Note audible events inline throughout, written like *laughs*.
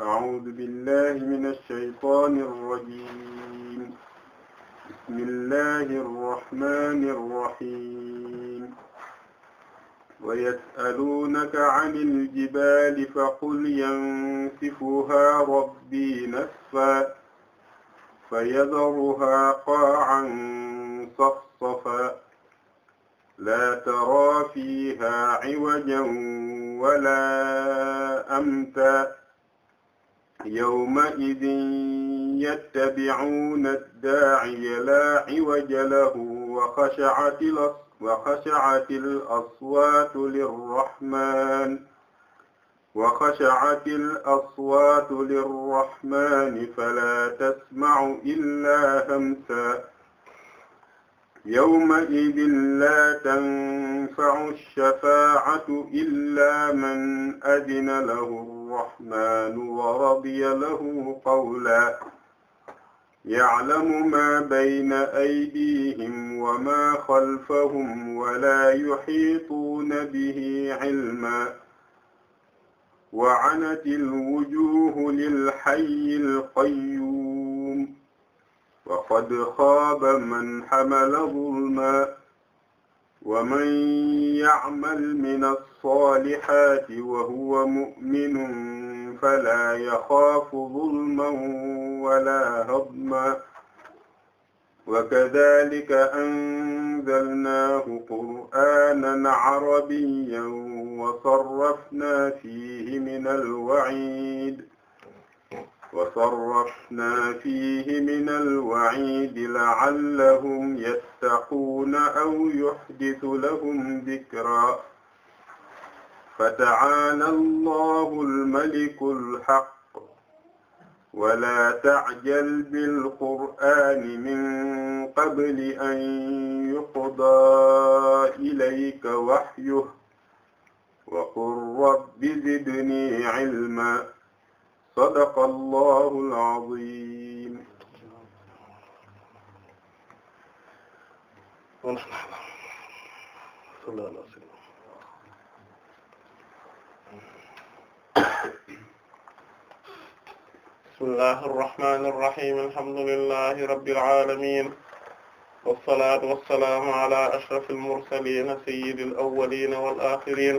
أعوذ بالله من الشيطان الرجيم بسم الله الرحمن الرحيم ويسألونك عن الجبال فقل ينسفها ربي نسفا فيذرها قاعا صفصفا لا ترى فيها عوجا ولا أمتا يومئذ يتبعون الداعي لا عوج له وخشعت وخشعت الأصوات للرحمن وخشعت الأصوات للرحمن فلا تسمع إلا همسا يومئذ لا تنفع الشفاعة إلا من أذن له الرحمن ورضي له قولا يعلم ما بين أيديهم وما خلفهم ولا يحيطون به علما وعنت الوجوه للحي القيوم wa qad xaaba man xamala zulma wa man yacmal min alsalihati wa huwa muminun fala yaxaafu zulman wala hadma wa kadalika anzalnaahu qur'aanan carabiyyan wa sarrafnaa fiihi min alwaciid وصرفنا فيه من الوعيد لعلهم يتقون أو يحدث لهم ذكرا فتعالى الله الملك الحق ولا تعجل بالقرآن من قبل أن يقضى إليك وحيه وقل رب زدني علما sadaqallahu al-azim bismillahi irrahmani irrahim alhamdulillahi rabbil alamin wassalatu wassalamu ala ashrafil mursalin sayyidil awwalin wal akhirin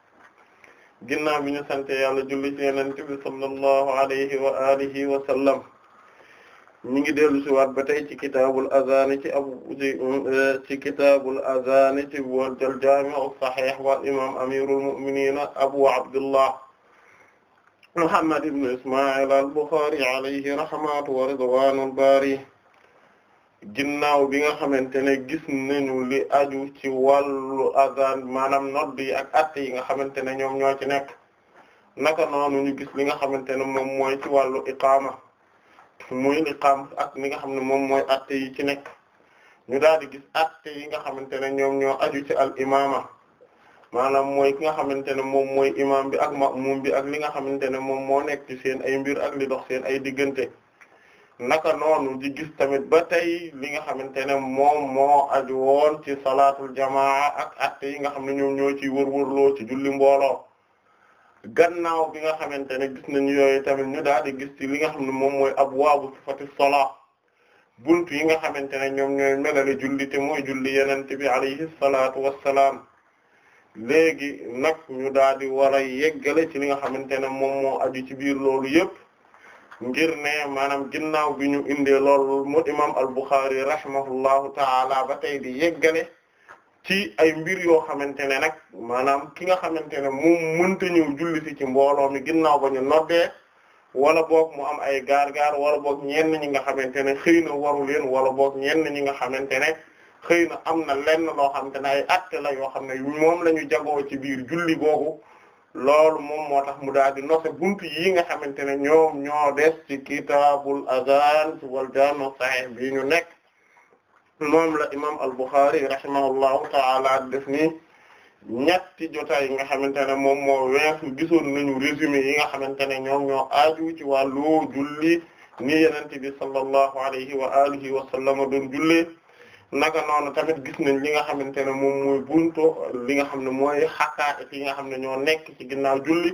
ginnaaw bi ñu sante yàlla julli ci yonent bi sallallahu alayhi wa alihi wa sallam ñu ngi dellu si waat ba tey ci kitaabul azaan ci abu ci kitaabul azaan ci wal jaami'u sahih wal imaam amirul mu'minin abu abdullah muhammad ibn isma'il al-bukhari alayhi rahmatu wa ridwanul baari ginnaaw bi nga xamante ne gis ñu li aju ci wàllu azan maanaam nodd yi ak at yi nga xamante ne ñoom ñoo ci nekk naka noonu ñu gis li nga xamante ne moom mooy ci wàllu iqaama muy iqaama ak li nga xam ne moom mooy att yi ci nekk ñu daal di gis att yi nga xamante ne ñoom ñoo aju ci al imaama maanaam mooy ki nga xamante ne moom mooy imaam bi ak ma'muum bi ak li nga xamante ne moom moo nekk ci seen ay mbir ak li dox seen ay diggante naka noonu di gis tamit ba tey li nga xamante ne moom moo aju woon ci salaatul jamaa ak atte yi nga xam ne ñoom ñoo ciy wërwërloo ci julli mbooloo gannaaw bi nga xamante ne gis nañu yooyu tamit ñu daal di gis ci li nga xam ne moom mooy abwaabu sifati salaat buntu yi nga xamante ne ñoom ñooy melale julli te mooy julli yenente bi alayhi salaatu wassalaam léegi nag ñu daal di war a ci li nga xamante ne moom moo aju ci biir loolu yépp ngir ne maanaam ginnaaw bi ñu indee loolu mu imam al-Bukhari rahimahullahu taala ba tey di yeggale ci ay mbir yoo xamante ne nag maanaam ki nga xamante ne moom mënta ñëw julli si ci mbooloo mi ginnaaw ba ñu noddee wala boog mu am ay gaar-gaar wala boog ñenn ñi nga xamante ne xëy na waru leen wala boog ñenn ñi nga xamante ne xëy na am na lenn loo xamante ne ay acte la yoo xam ne moom la ñu jagoo ci biir julli googu loolu moom moo tax mu daal di noose buntu yi nga xamante ne ñoom ñoo des ci kitaabul azaan wal jaami sahih bi ñu nekk moom la imam al-Bukhari rahimahullahu ta'ala def ni ñetti jotaay yi nga xamante ne moom moo weesu gisoon nañu résumé yi nga xamante ne ñoom ñoo aaju ci wàllu julli ni yenente bi sallallahu alayhi wa alihi wa sallam naka noonu tamit gis nañ li nga xamante ne moom mooy buntu li nga xam ne mooy xata yi nga xam ne ñoo nekk ci ginnaaw julli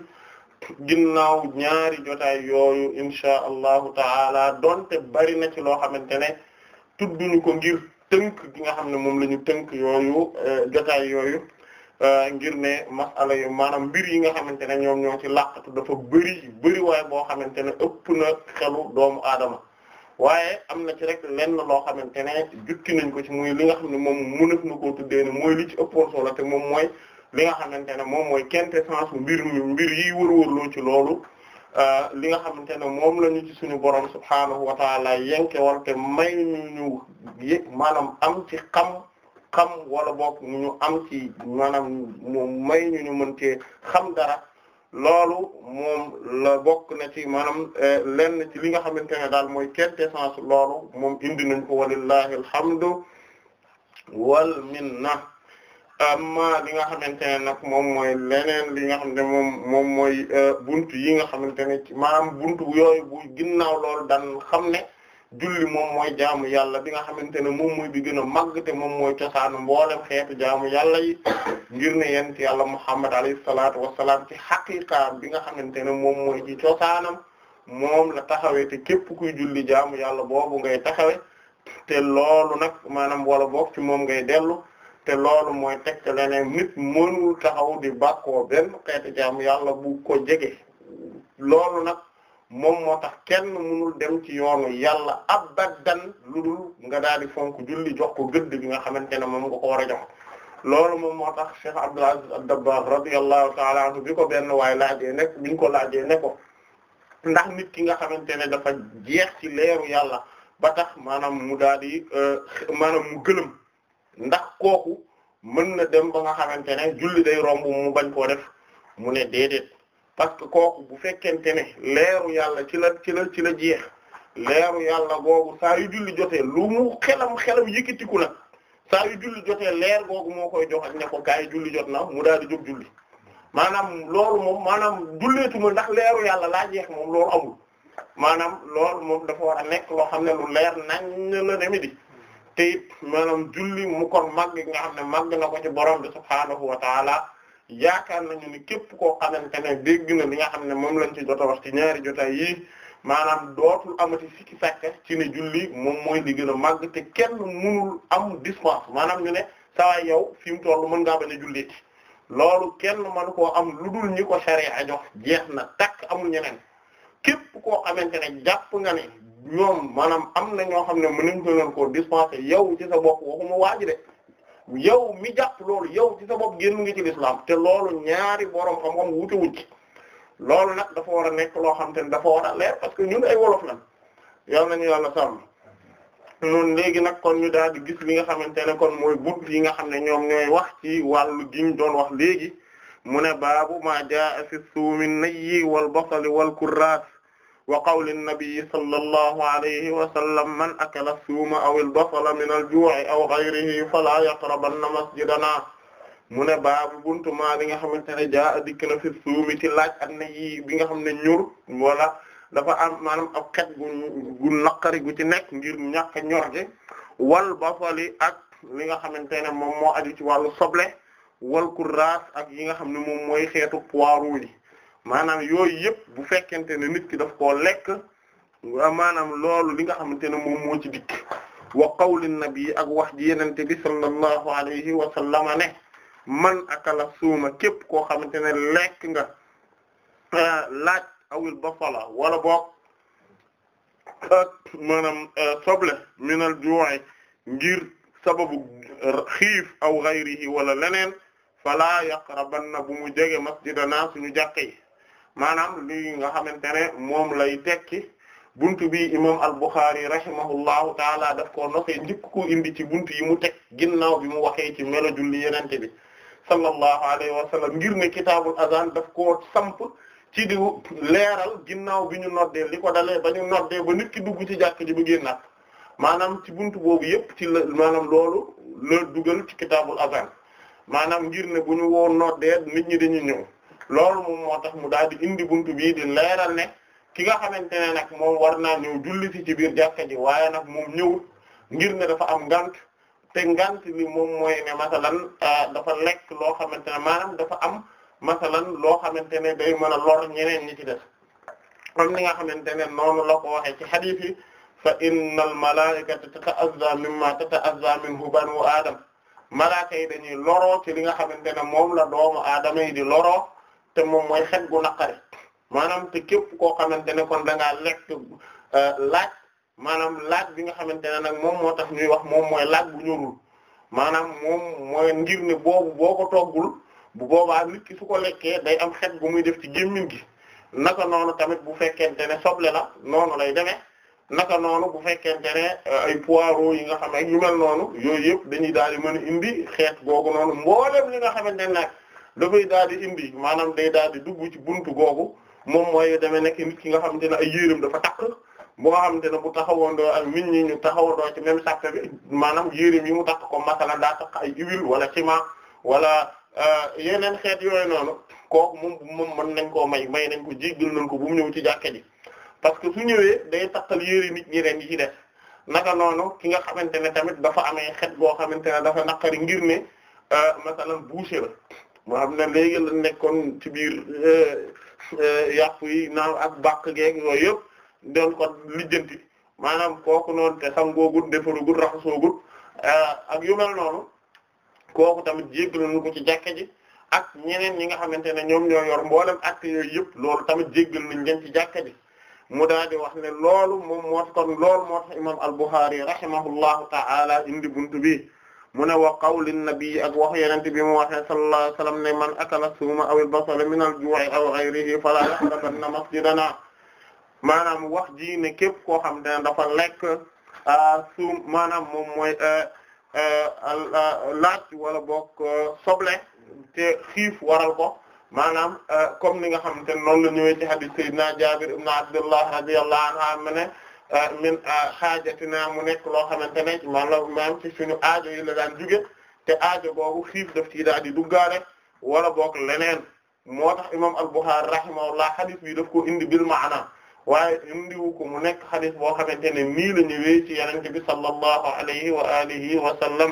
ginnaaw ñaari jotaay yooyu insha allahu taala donte bari na ci loo xamante ne tudduñu ko ngir tënk gi nga xam ne moom la ñu tënk yooyu eh, jotaay yooyu eh, ngir ne masala yu maanaam mbir yi nga xamante ne ñoom ñoo ci làqatu dafa bëri bëri waaye boo xamante ne ëpp na xelu doomu aadama waaye am na ci rek lenn loo xamante ne jukki nañ ko ci muy li nga xam ne moom mënaf na koo tuddee ne mooy li ci ëppoon solo te moom mooy li nga xamante ne moom mooy quintessence mbir mi mbir yi wërwërloo ci loolu euh, li nga xamante ne moom la ñu ci suñu borom subhaanahu wa taala yenkewal te may ñu ñu yëg maanaam am ci xam xam wala boog ñu am ci maanaam moom may ñu ñu mën ci xam dara loolu moom la bokk na ci maanaam eh, lenn ci li nga xamante ne daal mooy quintessence loolu moom indi nañ ko walillahi alhamdu wal minna amma li nga xamante ne nag moom mooy leneen li nga xam ne moom moom mooy eh, buntu yi nga xamante ne ci maanaam buntu yooyu bu ginnaaw loolu daan xam ne julli moom mooy jaamu yàlla bi nga xamante ne moom mooy bi gën a màgg te moom mooy cosaanu mboolem xeetu jaamu yàlla yi ngir ne yent yàlla Muhammad alayhi salaatu wassalaam ci xaqiqa bi nga xamante ne moom mooy ci cosaanam moom la taxawee te képp kuy julli jaamu yàlla boobu ngay taxawee te loolu nag maanaam wala boog ci moom ngay dellu te loolu mooy teg te leneen nit mënul taxaw di bàkkoo benn xeetu jaamu yàlla bu ko jege loolu nag. moom moo tax kenn mënul dem ci yoonu yàlla abadan lu dul nga daal di fonk julli jox ko gëdd bi nga xamante ne moom nga ko a jox loolu moom moo tax Cheikh Abdul Aziz ad-Dabbagh radiyallahu ta'ala anhu bi ko benn waaye laajee nekk bi ñu ko laajee ne ko ndax nit ki nga xamante ne dafa jeex ci leeru yàlla ba tax maanaam mu daal di euh, maanaam mu gëlëm ndax kooku mën na dem ba nga xamante ne julli day romb mu bañ koo def mu ne déedéet parce que kooku bu fekkente ne leeru yàlla ci la ci la ci la jeex leeru yàlla googu saa yu julli jotee lu mu xelam xelam yëkkatiku na saa yu julli jotee leer googu moo koy jox ak ne ko gaa yi julli jot na mu daal di jóg julli maanaam loolu moom maanaam julleetuma ndax leeru yàlla laa jeex moom loolu amul maanaam loolu moom dafa war a nekk loo xam ne lu leer na la demi di te it maanaam julli mu kon màgg nga xam ne mag na ko ci borom bi subhaanahu wa yaakaar nañu ni képp koo xamante ne dégg na li nga xam ne moom lañ ci jot wax ci ñaari jotaay yii maanaam dootul amati sikki sàkka ci ne julli moom mooy li gën a màgg te kenn mënul am dispense maanaam ñu ne saa yow fi mu toll mën ngaa bañ a julli loolu kenn mën koo am lu dul ñi ko sariya jox jeex na takk amul ñeneen képp koo xamante ne jàpp nga ne ñoom maanaam am na ñoo xam ne mënuñ ko leen koo dispenser yow ci sa bopp waxuma waaji de. yow mi jàpp loolu yow ci sa bopp génn nga ci lislaam te loolu ñaari borom xam-xam wuute wuñ loolu nag dafa war a nekk loo xam te ne dafa war a leer parce que ñun ay wolof lañ yal nañu yàlla sàmm noonu léegi nag kon ñu daal di gis li nga xamante ne kon mooy but yi nga xam ne ñoom ñooy wax ci wàllu gi doon wax léegi mu ne baabu ma jaa fi suumin nayyi wal basali wal kurras wa qawli nabi sallallahu alayhi wa sallam man akala suuma aw albasala min alju'i aw ghayrihi fala yaqrabanna masjidanaa mu ne baabu buntu maa li nga xamante ne jaa dikk na fi suumi ci laaj ak na yi bi nga xam ne ñur wala dafa am maanaam ab xet gu gu naqari gu ci nekk ngir ñàkk a ñor wal basali ak li nga xamante ne moom moo aju ci wàllu soble wal kurraas ak yi nga xam ne moom mooy xeetu poireaux maanaam yooyu yëpp bu fekkente ne nit ki daf ko lekk maanaam loolu li nga xamante ne moom moo ci dikk wa qawli nabi ak wax ji yenente bi sallallahu alayhi wa sallama ne man akala suuma képp koo xamante ne lekk nga euh, laaj awil basala wala boog euh, maanaam euh, soble minal ju'i ngir sababu xiif aw ghayrihi wala leneen fala yaqrabanna bu mu jege masjidana suñu jàkka yi maanaam li nga xamante ne moom lay tekki buntu bi imam al-Bukhari rahimahullahu taala daf ko noxee njëkk ko indi ci buntu yi mu teg ginnaaw bi mu waxee ci melo julli yenente bi sallallahu alayhi wa ngir ne kitaabul azan daf koo samp ci di leeral ginnaaw bi ñu noddee li ko dalee ba ñu noddee ba nit ki dugg ci jàkk ji ba génnaat maanaam ci buntu boobu yëpp ci la maanaam loolu la dugal ci kitaabul azan maanaam ngir ne bu ñu woo noddee nit ñi dañuy ñëw loolu moom moo tax mu daal di indi buntu bii di leeral ne ki nga xamante ne nag moom war naa ñëw julli si ci biir jàkka ji waaye nag moom niw ngir ne dafa am ngant te ngant li moom mooy ne masalan euh, dafa lekk loo xamante ne maanaam dafa am masalan loo xamante ne day mën a lor ñeneen ñi ci def comme ni nga xamante ne noonu la ko waxee ci hadith yi fa inna al malaikata tata'azza mimma tata'azza minhu banu aadam malaaka yi dañuy loroo ci li nga xamante ne moom la doomu aadama yi di loroo te moom mooy xet gu naqari maanaam te képp koo xamante ne kon da ngaa lekk euh, laaj maanaam laaj bi nga xamante ne nag moom moo tax ñuy wax moom mooy laaj bu ñorul maanaam moom mooy ngir ne boobu boo ko toggul bu boobaa nit su ko lekkee day am xet gu muy def ci gémmiñ gi naka noonu tamit bu fekkente ne soble la noonu lay demee naka noonu bu fekkente ne euh, ay poireaux yi nga xam ne yu mel noonu yooyu yëpp dañuy daal di mën indi xeet googu noonu mboolem li nga xamante dafay daal di indi maanaam day daal di dugg ci buntu googu moom mooy demee nekk nit ki nga xamante ne ay yéeram dafa takk boo xamante ne bu taxawandoo ak nit ñi ñu taxawandoo ci même sàppe bi maanaam yéeram yi mu takk ko masala daa takk ay huile wala ciment wala euh, yeneen xeet yooyu noonu kooku moom moom mën nañ koo may may nañ ko jéggal nañ ko bu mu ñëw ci jàkka ji parce que su ñëwee day takkal yéeri nit ñi ren yi ci def naka noonu ki nga xamante ne tamit dafa amee xet boo xamante ne dafa naqari ngir ne euh, masalan boucher la moo xam ne léegi la nekkoon ci biir euh, euh, yàpp yi naaw ak bàq geeg yooyu yëpp doon ko lijjanti maanaam kooku noonu te sangoogul defarugul raxasoogul euh, ak yu mel noonu kooku tamit jéggalanu ko ci jàkka ji ak ñeneen ñi nga xamante ne ñoom ñoo yor mboolem ak yooyu yëpp loolu tamit jéggal nañ leen ci jàkka ji mu daal di wax ne loolu moom moo kon loolu moo tax imam al-Bukhari rahimahullahu ta'ala indi buntu bi mu ne wa qawli nabi ak wax yenente bi mu waxee sallallahu alayhi wasallam ne man akala suuma aw al-basala min al-ju'i aw ghayrihi fala yaqrabanna masjidana maanaam wax ji ne képp koo xam ne dafa lekk suum maanaam moom mooy laaj wala boog soble te xiif waral ko maanaam comme ni nga xamante ne noonu la ñëwee ci hadith sayyidina Jabir ibn Abdullah radiyallahu anhu ne Ah, min ah, xaajatina mu nekk loo xamante ne maanaam maanaam ci suñu aajo yi la daan te aajo boobu xiif daf ci daal di duggaale wala boog leneen moo tax imam al-Bukhari rahimahullah hadith bi daf ko indi bil maana waaye indiwu ko mu nekk hadith boo xamante ne nii la ñëwee ci yenente bi sallallahu alayhi wa alihi wa sallam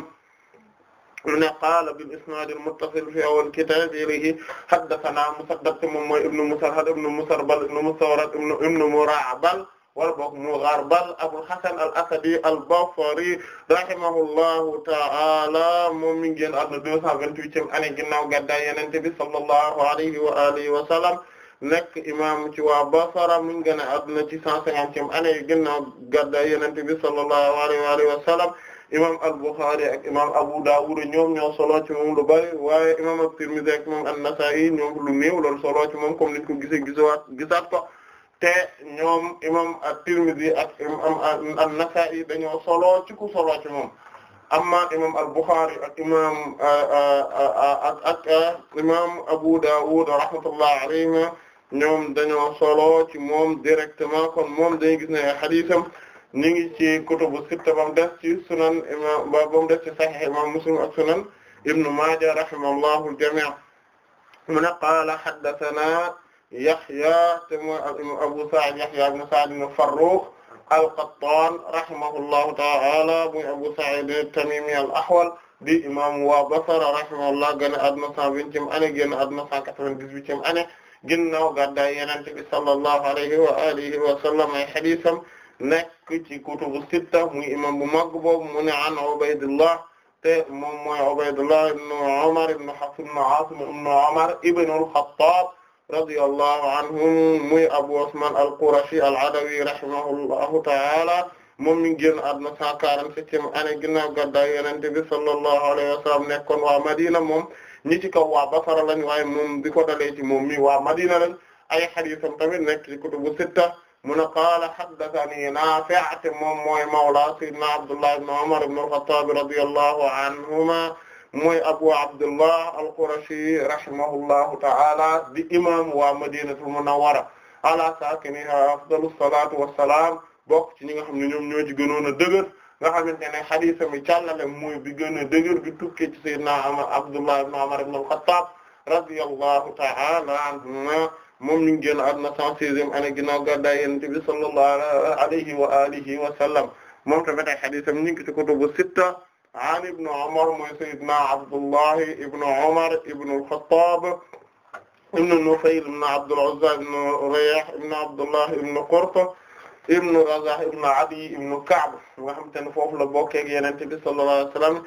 mu ne qaala bil isnaad al-muttasil fi awwal kitaab ilayhi haddathana Musaddad moom mooy ibnu Musarhad ibnu Musarbal ibnu Mustawrad ibnu Mura'bal wala boog mu Gharbal Abul Hasan al-Asadi al-Basri rahimahullahu ta'ala moom mi ngi génn àdduna 228e année ginnaaw gàddaay Yonent bi sallallahu alayhi wa alihi wa sallam nekk imam ci waa Basra mi ngi génn àdduna ci 150e année ginnaaw gàddaay Yonent bi sallallahu alayhi wa alihi wa sallam imam al-Bukhari ak imam Abu Dawud ñoom ñoo solo ci moom lu bari waaye imam at-Tirmidhi ak imam an-Nasa'i ñoom lu néew loolu solo ci moom comme niñ ko gisee gisawaat gisaat ko. te ñoom imam at-Tirmidhi ak imam an-Nasa'i dañoo solo ci ku solo ci moom amma imam al-Bukhari ak imam ak ak imam Abu Dawud rahmatullahi alayhima ñoom dañoo solo ci moom directement kon moom dañuy gis ne hadiisam ñu ngi ci kutubu sitta bam des ci sunan imam bam des ci sahih imam Muslim ak sunan Ibn Maaja rahimahullahu al-jami' mu ne qaala haddathana Yahya te mooy Abu Sa'id Yahya ibn Sa'id ibn Farrukh al-Qattan rahimahullahu ta'ala muy Abu Sa'id at-Tamimi al-Ahwal di imam waa Basra rahimahullah génn àdduna 120e année génn àdduna 198e année ginnaaw gàddaay Yonent bi sallallahu alayhi wa alihi wa sallam ay hadiisam nekk ci kutubu sitta muy imam bu mag boobu mu ne an Ubaydullah te moom mooy Ubaydullah ibn Umar ibn Hafs ibn Asim ibn Umar ibn al-Khattab radiyallahu anhum muy Abu Usman al-Qurashi al-Adawi rahimahullahu ta'ala moom mi ngi génn àdduna 147e année ginnaaw gàddaay Yonent bi sallallahu alayhi wa sallam nekkoon waa Madina moom ñi ci kaw waa Basra lañ waaye moom di ko dalee ci moom mi waa Madina lañ ay hadiisam tamit nekk ci kutubu sitta mu ne qaala haddathanii Naafi' moom mooy mawla sayyidina Abdullah ibn Umar ibn al-Khattab radiyallahu anhuma mooy Abu Abdullah al-Qurashi rahimahullahu ta'ala di imam waa Madinatul Munawwara ala saakinihaa afdalu salaatu wa salaam bokk ci ni nga xam ne ñoom ñoo ci gënoon a dëgër nga xamante ne xadiisam yi càllale mooy bi gën a dëgër bi tukkee ci Sayyidina Amar Abdullah ibn Umar ibn al-Khattab radiyallahu ta'ala anhuma moom ñu ngi génn àdduna 116e année ginnaaw gàddaay Yonent bi sallallahu alayhi wa alihi wa sallam moom tamit ay xadiisam ñu ngi ci sitta an ibnu Umar mooy sayyidina Abdullahi ibnu Umar ibnu al-Khattab ibnu Nufayl ibnu Abdul Uzza ibnu Riyah ibnu Abdullah ibnu Qurta ibnu Razah ibnu Adiy ibnu Ka'b nga xam te ne foofu la bokkee ak Yonent bi sallallahu alayhi wa sallam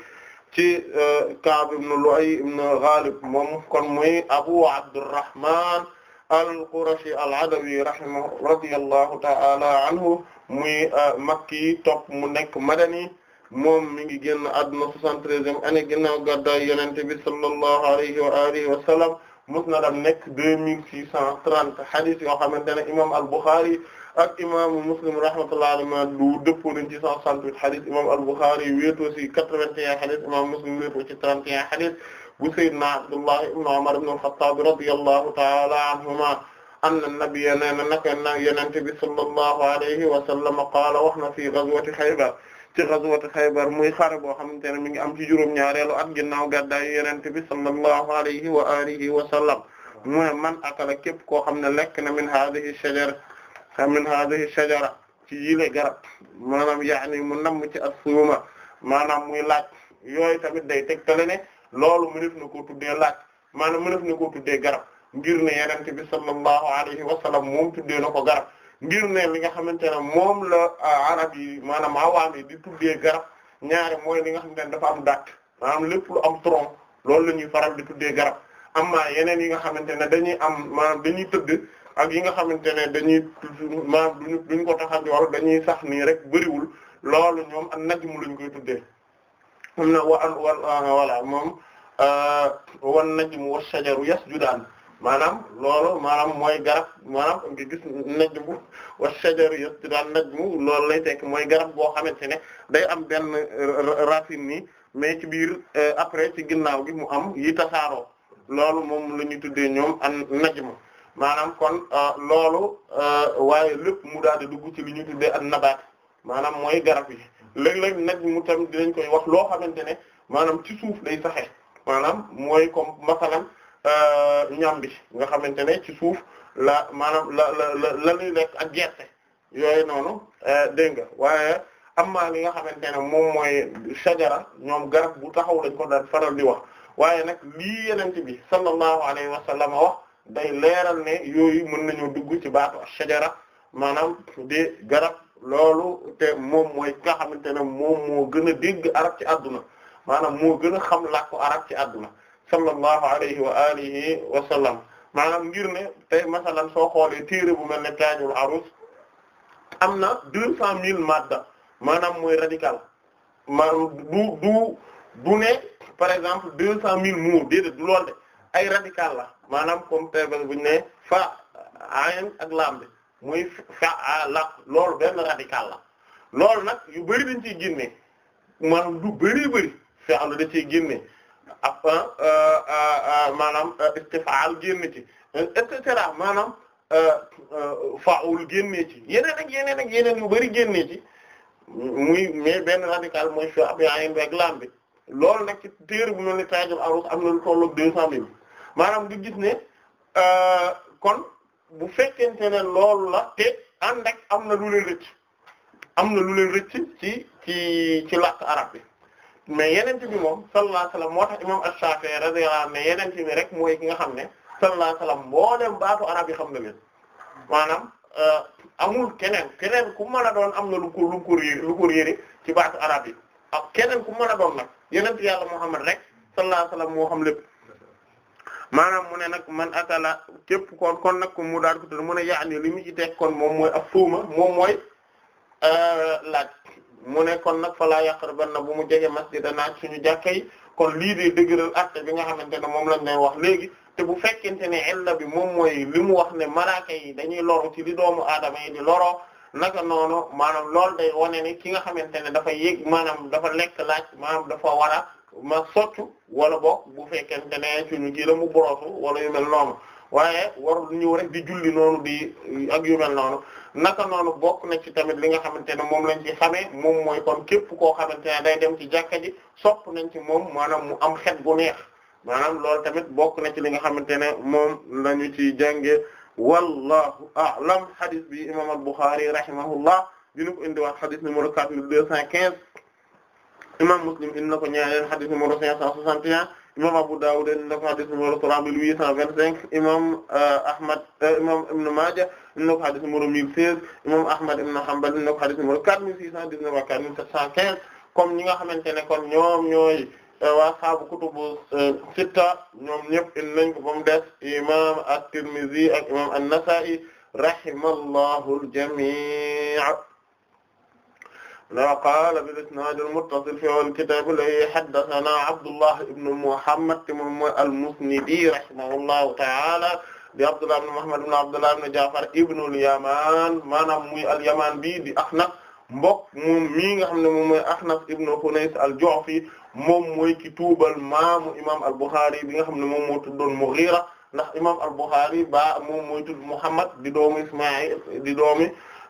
ci euh, Ka'b ibn Lu'ay ibn Ghalib moom kon muy Abu Abdurrahman al-Qurashi al-Adawi rahimahu radiyallahu ta'ala anhu muy euh, Makki topp mu nekk Madani moom mi ngi génn àdduna 73e année ginnaaw gàddaay yonent bi sallallahu alayhi wa alihi wa sallam musnad am nekk 2630 hadith yoo xamante ne imam al-Bukhari ak imaamu Muslim rahmatullahi alayhima lu dëppoo nañ ci 168 hadith imam al-Bukhari wéetoo ci 81 hadith imam Muslim wéetoo ci 31 hadith bu sayyidina Abdullah ibn Umar ibn al-Khattab radiyallahu ta'ala anhuma anna an-nabiyya nee na naka na yonent bi sallallahu alayhi wa sallam qaala wax na fi ghazwati Khaybar ci ghazwat Xaybar muy xare boo xamante ne mi ngi am ci juróom-ñaareelu at ginnaaw gàddaay Yonent bi sallallahu alayhi wa alihi wa sallam mu a man akala képp koo xam ne lekk na min hadhihi shajara min hadhihi shajara ci yile garab maanaam yaani mu namm ci as-suuma maanaam muy laaj yooyu tamit day tegtale ne loolu mu def na ko tuddee laaj maanaam mu def na ko tuddee garab ngir ne Yonent bi sallallahu alayhi wa sallam moom tuddee na ko garab ngir ne li nga xamante ne moom la euh, arab yi maanaam awaam yi di tuddee garab ñaari mooy li nga xamante ne dafa am dàq maanaam lépp lu am tronc loolu la ñuy faral di tuddee garab amma yeneen yi nga xamante ne dañuy am maanaam dañuy tëdd ak yi nga xamante ne dañuy maanaam duñu dañuy sax nii rek bëriwul loolu ñoom an najmu lañ koy tuddee am na wa an wal voilà moom euh, wan najmu wa shajaru yasjudaan maanaam loolu maanaam mooy garab maanaam nga gis najmu wa daal yasjudan najmu loolu lay tekk mooy garab boo xamante ne day am benn racine nii mais ci biir euh, après ci ginnaaw gi mu am yi tasaaroo loolu moom la ñuy tuddee ñoom an najmu maanaam kon euh, loolu euh, waaye lépp mu daal di dugg ci lu ñuy tuddee an nabaat maanaam mooy garab yi léeg-léeg najmu tamit dinañ koy wax loo xamante ne maanaam ci suuf day saxe maanaam mooy comme masalan Euh, ñam bi nga xamante ne ci suuf la maanaam la la ak gerte yooyu noonu euh, dégg nga waaye amma li nga xamante ne moom mooy sajara ñoom garab bu taxaw lañ ko daan faral di wax waaye nag lii yenent bi sallallahu alayhi wa wax day leeral ne yooyu mën nañoo dugg ci baatu sajara maanaam di garab loolu te moom mooy nga xamante ne moom moo gën a dégg arab ci àdduna maanaam moo gën a xam làkku arab ci àdduna sallallahu alayhi wa alihi wa maanaam ngir ne tey masalan soo xoolee téere bu mel ne Taajul Arus am na deux cent mille madda maanaam mooy radical maanaam du du ne par exemple deux cent mille mots déedéet du lool de ay radical la maanaam comme tey bu ñu ne fa ayen ak laam bi muy fa la loolu benn radical la loolu nag yu bëri dañ ci génne maanaam du bëri bëri fi am da ciy génne ab euh, euh, euh, maanaam istifaal génn ci et cetera maanaam faul génnee ci yeneen ak yeneen ak yeneen yu bari génnee ci muy mais benn radical mooy fi ab yaa bi bi loolu nag ci téere bu mel ni tajul arus am na lu tolloog deux cent mille maanaam nga gis ne kon bu fekkente ne loolu la te ànd ak am na lu leen rëcc am na lu leen rëcc ci ci ci làkk arab bi mais yenente bi moom sallallahu alayhi wasallam moo tax imam Ash-Shafi'i radiyallahu anhu ne yenente bi rek mooy ki nga xam ne sallallahu alayhi wasallam mboolem baatu arab yi xam na mi maanaam euh, amul keneen keneen ku mën a doon am na lu ko lu ko lu ko ci baatu arab yi ak keneen ku mën a doon nag yenent yàlla Muhammad rek sallallahu alayhi wasallam moo xam lépp maanaam mu ne nag man atala képp kon kon nag mu daal ko tudd mu ne yaani li mu ci teg kon moom mooy a tuuma moom mooy euh, laaj mu ne kon nag ba na bu mu jege masjidanaa suñu jàkka yi kon lii de dëgëral acte bi nga xamante ne moom lañ doon wax léegi te bu fekkente ne illa bi moom mooy li mu wax ne malaaka yi dañuy loru ci li doomu aadama yi di loro loroo a noonu maanaam lool day wane ni ki nga xamante ne dafa yéeg maanaam dafa lekk laaj maanam dafa war a ma soccu wala bo bu fekkente ne suñu kii la mu boroosu wala yu mel noonu waaye warul ñëw rek di julli noonu di ak yu noonu naka noonu bokk na ci tamit li nga xamante ne moom lañ ci xamee moom mooy kon képp koo xamante ne day dem ci jàkka ji sopp nañ ci moom maanaam mu am xet bu neex maanaam lool tamit bokk na ci li nga xamante ne moom lañu ñu ci jànge wallahu a'lam hadith bi imam al-Bukhari rahimahullah dina ko indiwaat hadith numéro quatre mille deux cent quinze imam Muslim indi na ko ñaareel hadith numéro cinq cent soixante et un imam Abu Dawud indi na ko hadith numéro 3825 imam euh, Ahmad euh, imam Ibn Maaja indi na ko hadith numéro 1016 imam Ahmad Ibn Hanbal indi na ko hadith numéro 4619 ak 4715 comme ñi nga xamante ne kon ñoom ñooy euh, waa saabu kutubu sitta ñoom ñëpp indi nañ ko ba mu des imam at-Tirmidhi ak imam an-Nasa'i rahimallahu al-jami' la qaala bil isnaad al muttasil fi al kitaab alladhii haddathanaa Abdullah ibn Muhammad moom mooy al-Musnidi rahimahullahu ta'aala di Abdullah ibn Muhammad ibn Abdullah ibn Ja'far ibn al-Yamaan maanaam muy al-Yamaan bi di Axnaf mbokk moom mii nga xam ne moom mooy Axnaf ibn Xunays al-Ju'fi moom mooy ci tuubal maamu imaam al-Bukhari bi nga xam ne moom moo tuddoon Mughira ndax imaam al-Bukhari ba moom mooy tudd Muhammad di doomu Ismaa'il di doomi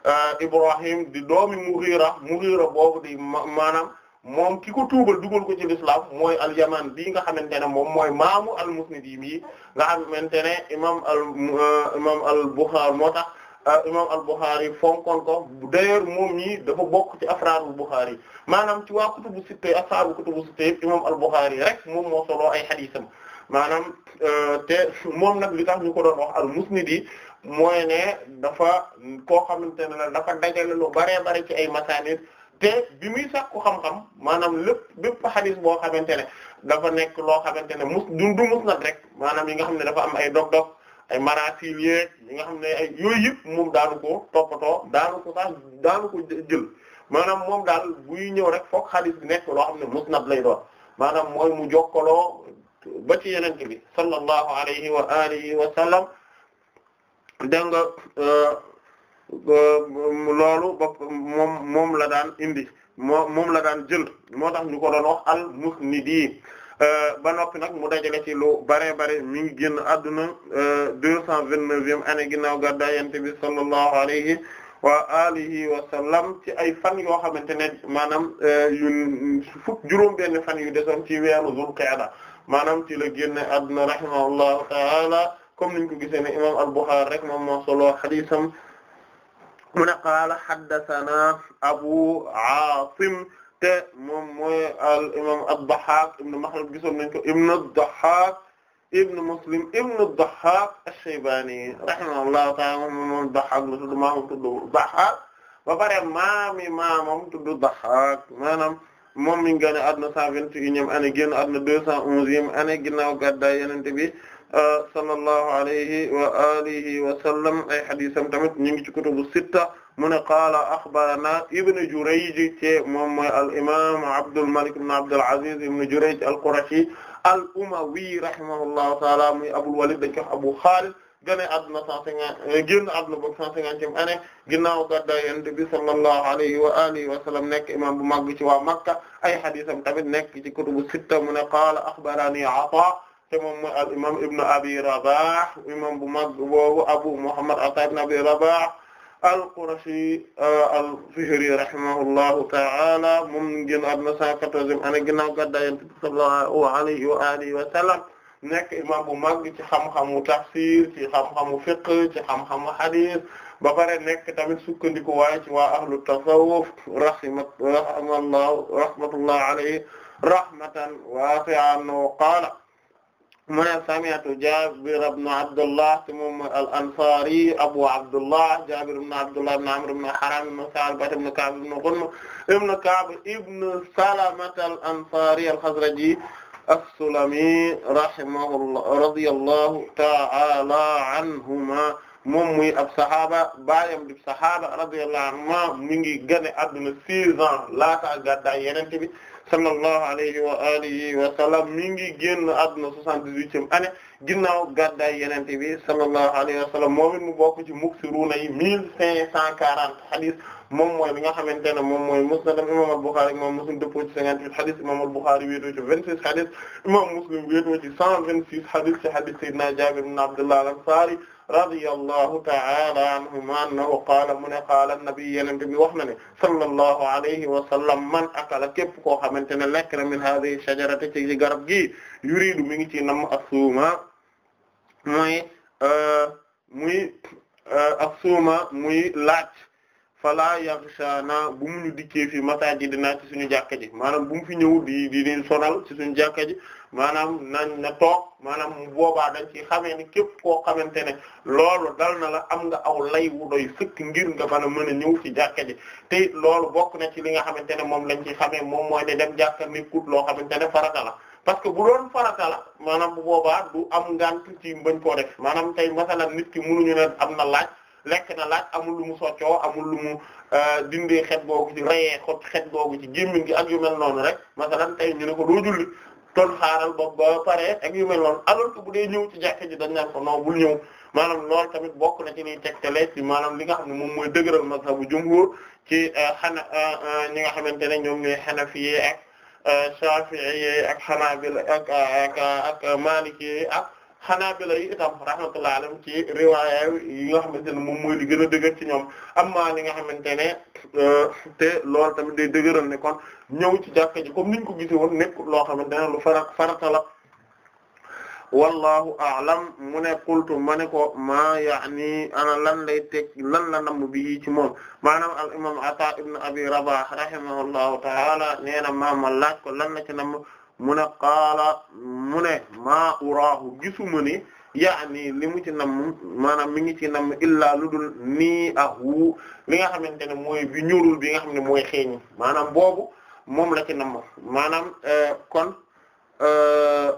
Euh, Ibrahim di doomi Mughira Mughira boobu di maanaam moom ki ko tuubal dugal ko ci l'islam mooy al-Yaman bii nga xamante ne moom mooy maamu al-Musnid yi mii nga xamante ne imam al euh, imam al-Bukhari moo tax euh, imam al-Bukhari fonkoon ko d'ailleurs moom mii dafa bokk ci afraadul Bukhari maanaam ci waa kutubu sitte ashaabu kutubu sitte imam al-Bukhari rek moom moo solo ay xadiisam maanaam te moom nag li tax ñu ko doon al-Musnid yi mooy ne dafa koo xamante ne la dafa dajale lu baree bare ci ay masaanid te bi muy sàkku xam-xam maanaam lépp bépp xadis boo xamante ne dafa nekk loo xamante ne mus du du rek maanaam yi nga xam ne dafa am ay dog-dog ay marasil yeeg yi nga xam ne ay yooyu yëpp moom daanu ko ko sax daanu maanaam moom daal buy ñëw rek foog xadis bi nekk loo xam ne musnad lay doon maanaam mooy mu jokkaloo ba ci yenente bi sallallahu alayhi wa alihi wa sallam dégg nga euh, euh, loolu bokk moom moom la daan indi moo moom la daan jël moo tax ñu ko doon wax al musnidi euh, ba noppi nag mu dajale ci lu bare bare mi ngi génn adduna deux cent vingt-neuvième année ginnaaw gàddaay yonent bi sallallahu alayhi wa alihi wa sallam ci ay fan yoo xamante ne maanaam yu fukk fan yu desoon ci weeru Zulqa'da maanaam ci la génn adduna rahimahullahu ta'ala comme niñ ko gisee ne al-Bukhari rek moom moo solo xadisam mu ne qaala haddathana Abu Aasim te moom mooy al imam ad-Dahhak ibn Makhlad gisoon nañ ko ibn ad-Dahhak ibn Muslim ibn ad-Dahhak ash-Shaybani rahimahullahu ta'ala moom moom ad-Dahhak la tudd maamam tudd Dahhak ba pare maami maamam tudd Dahhak maanaam moom mi ngi génn àdduna 121 ñoom année génn àdduna 211 ñoom année ginnaaw gàddaay Yonent bi Euh, sallallahu alayhi wa alihi wa sallam ay hadisam tamit ñu ngi ci kutubu sitta mu ne qaala axbarana ibnu Jurayj te moom mooy al imam Abdul Malik ibn Abdul Aziz ibnu Jurayj al Qurashi al Umawi rahimahullahu taala muy Abul Walid dañ ko wax Abu Khalid gane adduna cent cinquante euh, génn adduna boog cent cinquantième année ginnaaw gàddaay Yonent bi sallallahu alayhi wa alihi wa sallam nekk imam bu mag ci waa Makka ay hadisam tamit nekk ci kutubu sitta mu ne qaala axbarani Ata te moom mooy al imam ibnu abi rabah imam bu mag boobu abu muhammad ata ibn abi rabah al-Qurashi euh, al-Fihri rahimahullahu ta'ala moom ñu génn àdduna 114e année ginnaaw gàddaay Yonent bi sallallahu alayhi wa alihi wa sallam nekk imam bu mag ci xam-xamu tafsir ci xam-xamu fiqh ci xam-xamu hadith ba pare nekk tamit sukkandiku waaye ci waa ahlu tasawuf rahimallahu rahmatullahi alayhi rahmatan wasi'an wa qala mu ne sami'tu Jaabir ibn Abdullah te moom al-Ansaari Abu Abdullah Jaabir ibn Abdullah ibn Amr ibn Haram ibn Salbata ibn Ka'b ibn Ghunm ibn Ka'b ibn Salamata al-Ansaari al-Khazraji as-Sulami rahimahullah radiyallahu ta'ala anhuma moom muy ab saxaaba baayam di saxaaba radiyallahu anhuma mi ngi génn àdduna six ans laata gàddaay Yonent bi sallallahu alayhi wa alihi wa sallam mi ngi génn àdduna soixante-dix-huitième année ginnaaw gàddaay yenente bi sallallahu alayhi wa sallam moom it mu bokk ci muksiruna yi mille cinq cent quarante hadith moom mooy li nga xamante ne moom mooy musnad imam al-Bukhari moom Muslim dëppoo cinquante-huit hadith imam al-Bukhari wéetoo ci vingt-six hadith imam Muslim wéetoo ci cent vingt-six hadith ci hadith sayyidina Jabir ibn Abdullah al-Ansari radiyallahu ta'ala anhuma annahu qaala mu ne qaala nabi yenente bi wax na ne sallallahu alayhi wa sallam man akala képp koo xamante ne lekk na min hadhihi shajarati ci garab gi yuridu mi ngi ci nam as-suuma muy euh, muy euh, as-suuma muy laaj fala yaxshaana bu mu ñu dikkee fi mataa masaajidinaa ci suñu jàkka ji maanaam bu mu fi ñëw di di di sonal ci suñu jàkka ji maanaam nañ na toog maanaam boobaa dañ ci xamee ni képp koo xamante ne loolu dal na la am nga aw lay wu doy sëkk ngir nga bana mën a ñëw ci jàkka ji te loolu bokk na ci li nga xamante ne moom lañ ci xamee moom mooy ne dem jàkka nekkut loo xamante ne farata la parce que bu doon farata la maanaam bu boobaa du am ngant ci bañ koo def maanaam tey masalan nit ki ñu ne am na laaj lekk na laaj amul lu mu soccoo amul lu mu euh, dindee xet googu ci rayee xot xet googu ci gémmiñ gi ak yu mel noonu rek masalan tey ñu ne ko doo julli toon xaaral ba ba pare ak yu mel noonu alors que bu dee ñëw ci jàkka ji dañ naan ko non ñëw maanaam loolu tamit bokk na ci liy tegtale ci maanaam li nga xam ne moom mooy dëgëral mazhabu jumhur ci euh, xana euh, ñi nga xamante ne ñoom ñooy xanafiyee ak shafi'iyee ak xanaabila ak ak ak maalikiyee xanaabila yi itam rahmatullah alayhim ci riwaaya yi nga xamante ne moom mooy li a dëgër ci ñoom amma li nga xamante ne euh, te lool tamit day dëgëral ne kon ñëw ci jàkka ji comme niñ ko gisee woon nekku loo xamante ne lu farak farata la wallahu a'lam mu ne qultu ma ne ko maa yaani ana lan lay teg lan la namm bi ci moom maanaam al imam ata ibn abi rabah rahimahullahu taala nee na ma laaj ko lan la ci namm mu ne qaala mu ne maa uraahu gisuma ni li mu ci nam maanaam mi ngi ci nam illaa lu dul nii ahu li nga xamante ne mooy bi ñuulul bi nga xam ne mooy xeeñi maanaam boobu moom la ci nam maanaam euh, kon euh,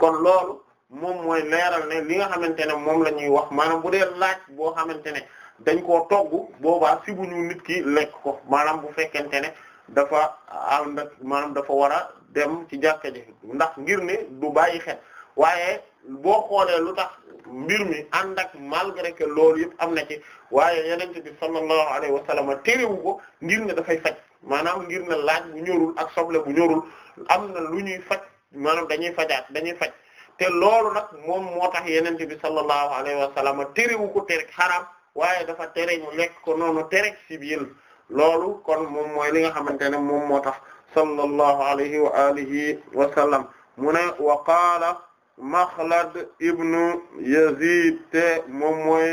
kon loolu moom mooy leeral ne li nga xamante ne moom la ñuy wax maanaam bu dee laaj boo xamante ne dañ ko togg boobaa si nit ki lekk ko maanaam bu fekkente ne dafa am nag maanaam dafa war a dem ci jàkka ji ndax ngir ne du bàyyi xel waaye boo xoolee lu tax mbir mi ànd ak malgré que loolu yëpp am na ci waaye yeneen bi sallallahu alayhi wa sallam ko ngir ne dafay faj maanaam ngir ne laaj bu ñorul ak soble bu ñorul am na lu ñuy faj maanaam dañuy fajaat dañuy faj te loolu nag moom moo tax yeneen bi sallallahu alayhi wa sallam terewu ko tere xaraam waaye dafa tere ñu lekk ko noonu tere ci loolu kon moom li nga xamante ne moom moo tax sallallahu alayhi wa alihi wa sallam mu ne wa qaala Makhlad ibnu Yazid te moom mooy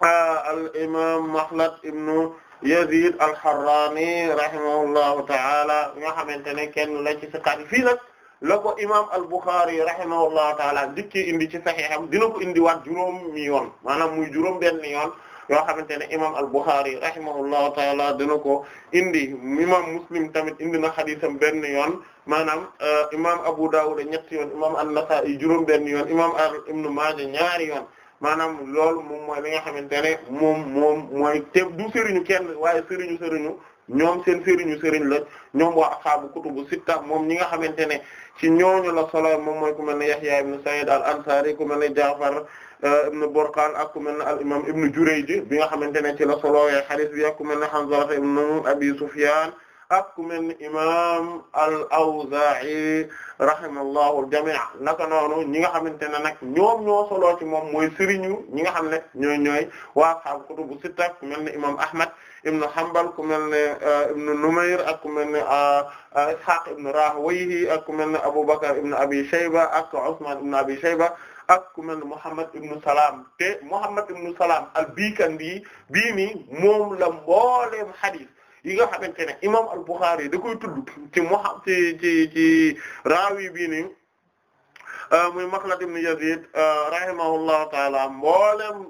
al imam Makhlad ibnu Yazid al-Harrani rahimahullahu ta'ala nga xamante ne kenn la ci saqaat yi fii nag la ko imam al-Bukhari rahimahullahu ta'ala dikki indi ci Sahiham dina ko indi waat juróom mi yoon maanaam muy juróom yoon yoo xamante ne imam al-Bukhari rahimahullahu taala dina ko indi imam Muslim tamit indi na xadisam benn yoon maanaam euh, imam Abu Dawud ñetti yoon imam an-Nasa'i juróom benn yoon imam Ibn Maaja ñaari yoon maanaam loolu moom mooy li nga xamante ne moom moom mooy te du sëriñu kenn waaye sëriñu seriñu ñoom seen sëriñu sëriñ la ñoom waa ashaabu kutubu sitta moom ñi nga xamante ne ci ñooñu la solo moom mooy ku mel ne Yahya ibn Sa'id al-Ansari ku mel ne Ja'far Euh, ibn Burqaan ak ku mel ne al imaam ibn Jurayj bi nga xamante ne ci la solowee xadis bi ak ku mel ne Hanzala ibn Abi Sufyaan ak ku mel ne imaam al-Awzaa'i rahimahullahu al-jamii' naka noonu ñi nga xamante ne nag ñoom ñoo soloo ci moom mooy sëriñu ñi nga xam ne ñooy ñooy waa ashaabu kutubu sitta ku mel ne imaam Ahmad ibn Hanbal ku mel ne euh, ibn Numayr ak ku mel ne euh, Ishaq ibn Rahawayhi ak ku mel ne Abu Bakr ibn Abi Shayba ak Usmaan ibn Abi Shayba ak ku mel ne Muhammad Salaam te Muhammad ibn Salaam al-Bikandi bii nii moom la mbooleem hadith yi nga xamante ne imaam al-Bukhari da koy tudd ci Muhammad ci ci ci raawi bii nii euh, muy Makhlad ibn Yazid euh, rahimahullahu taala mbooleem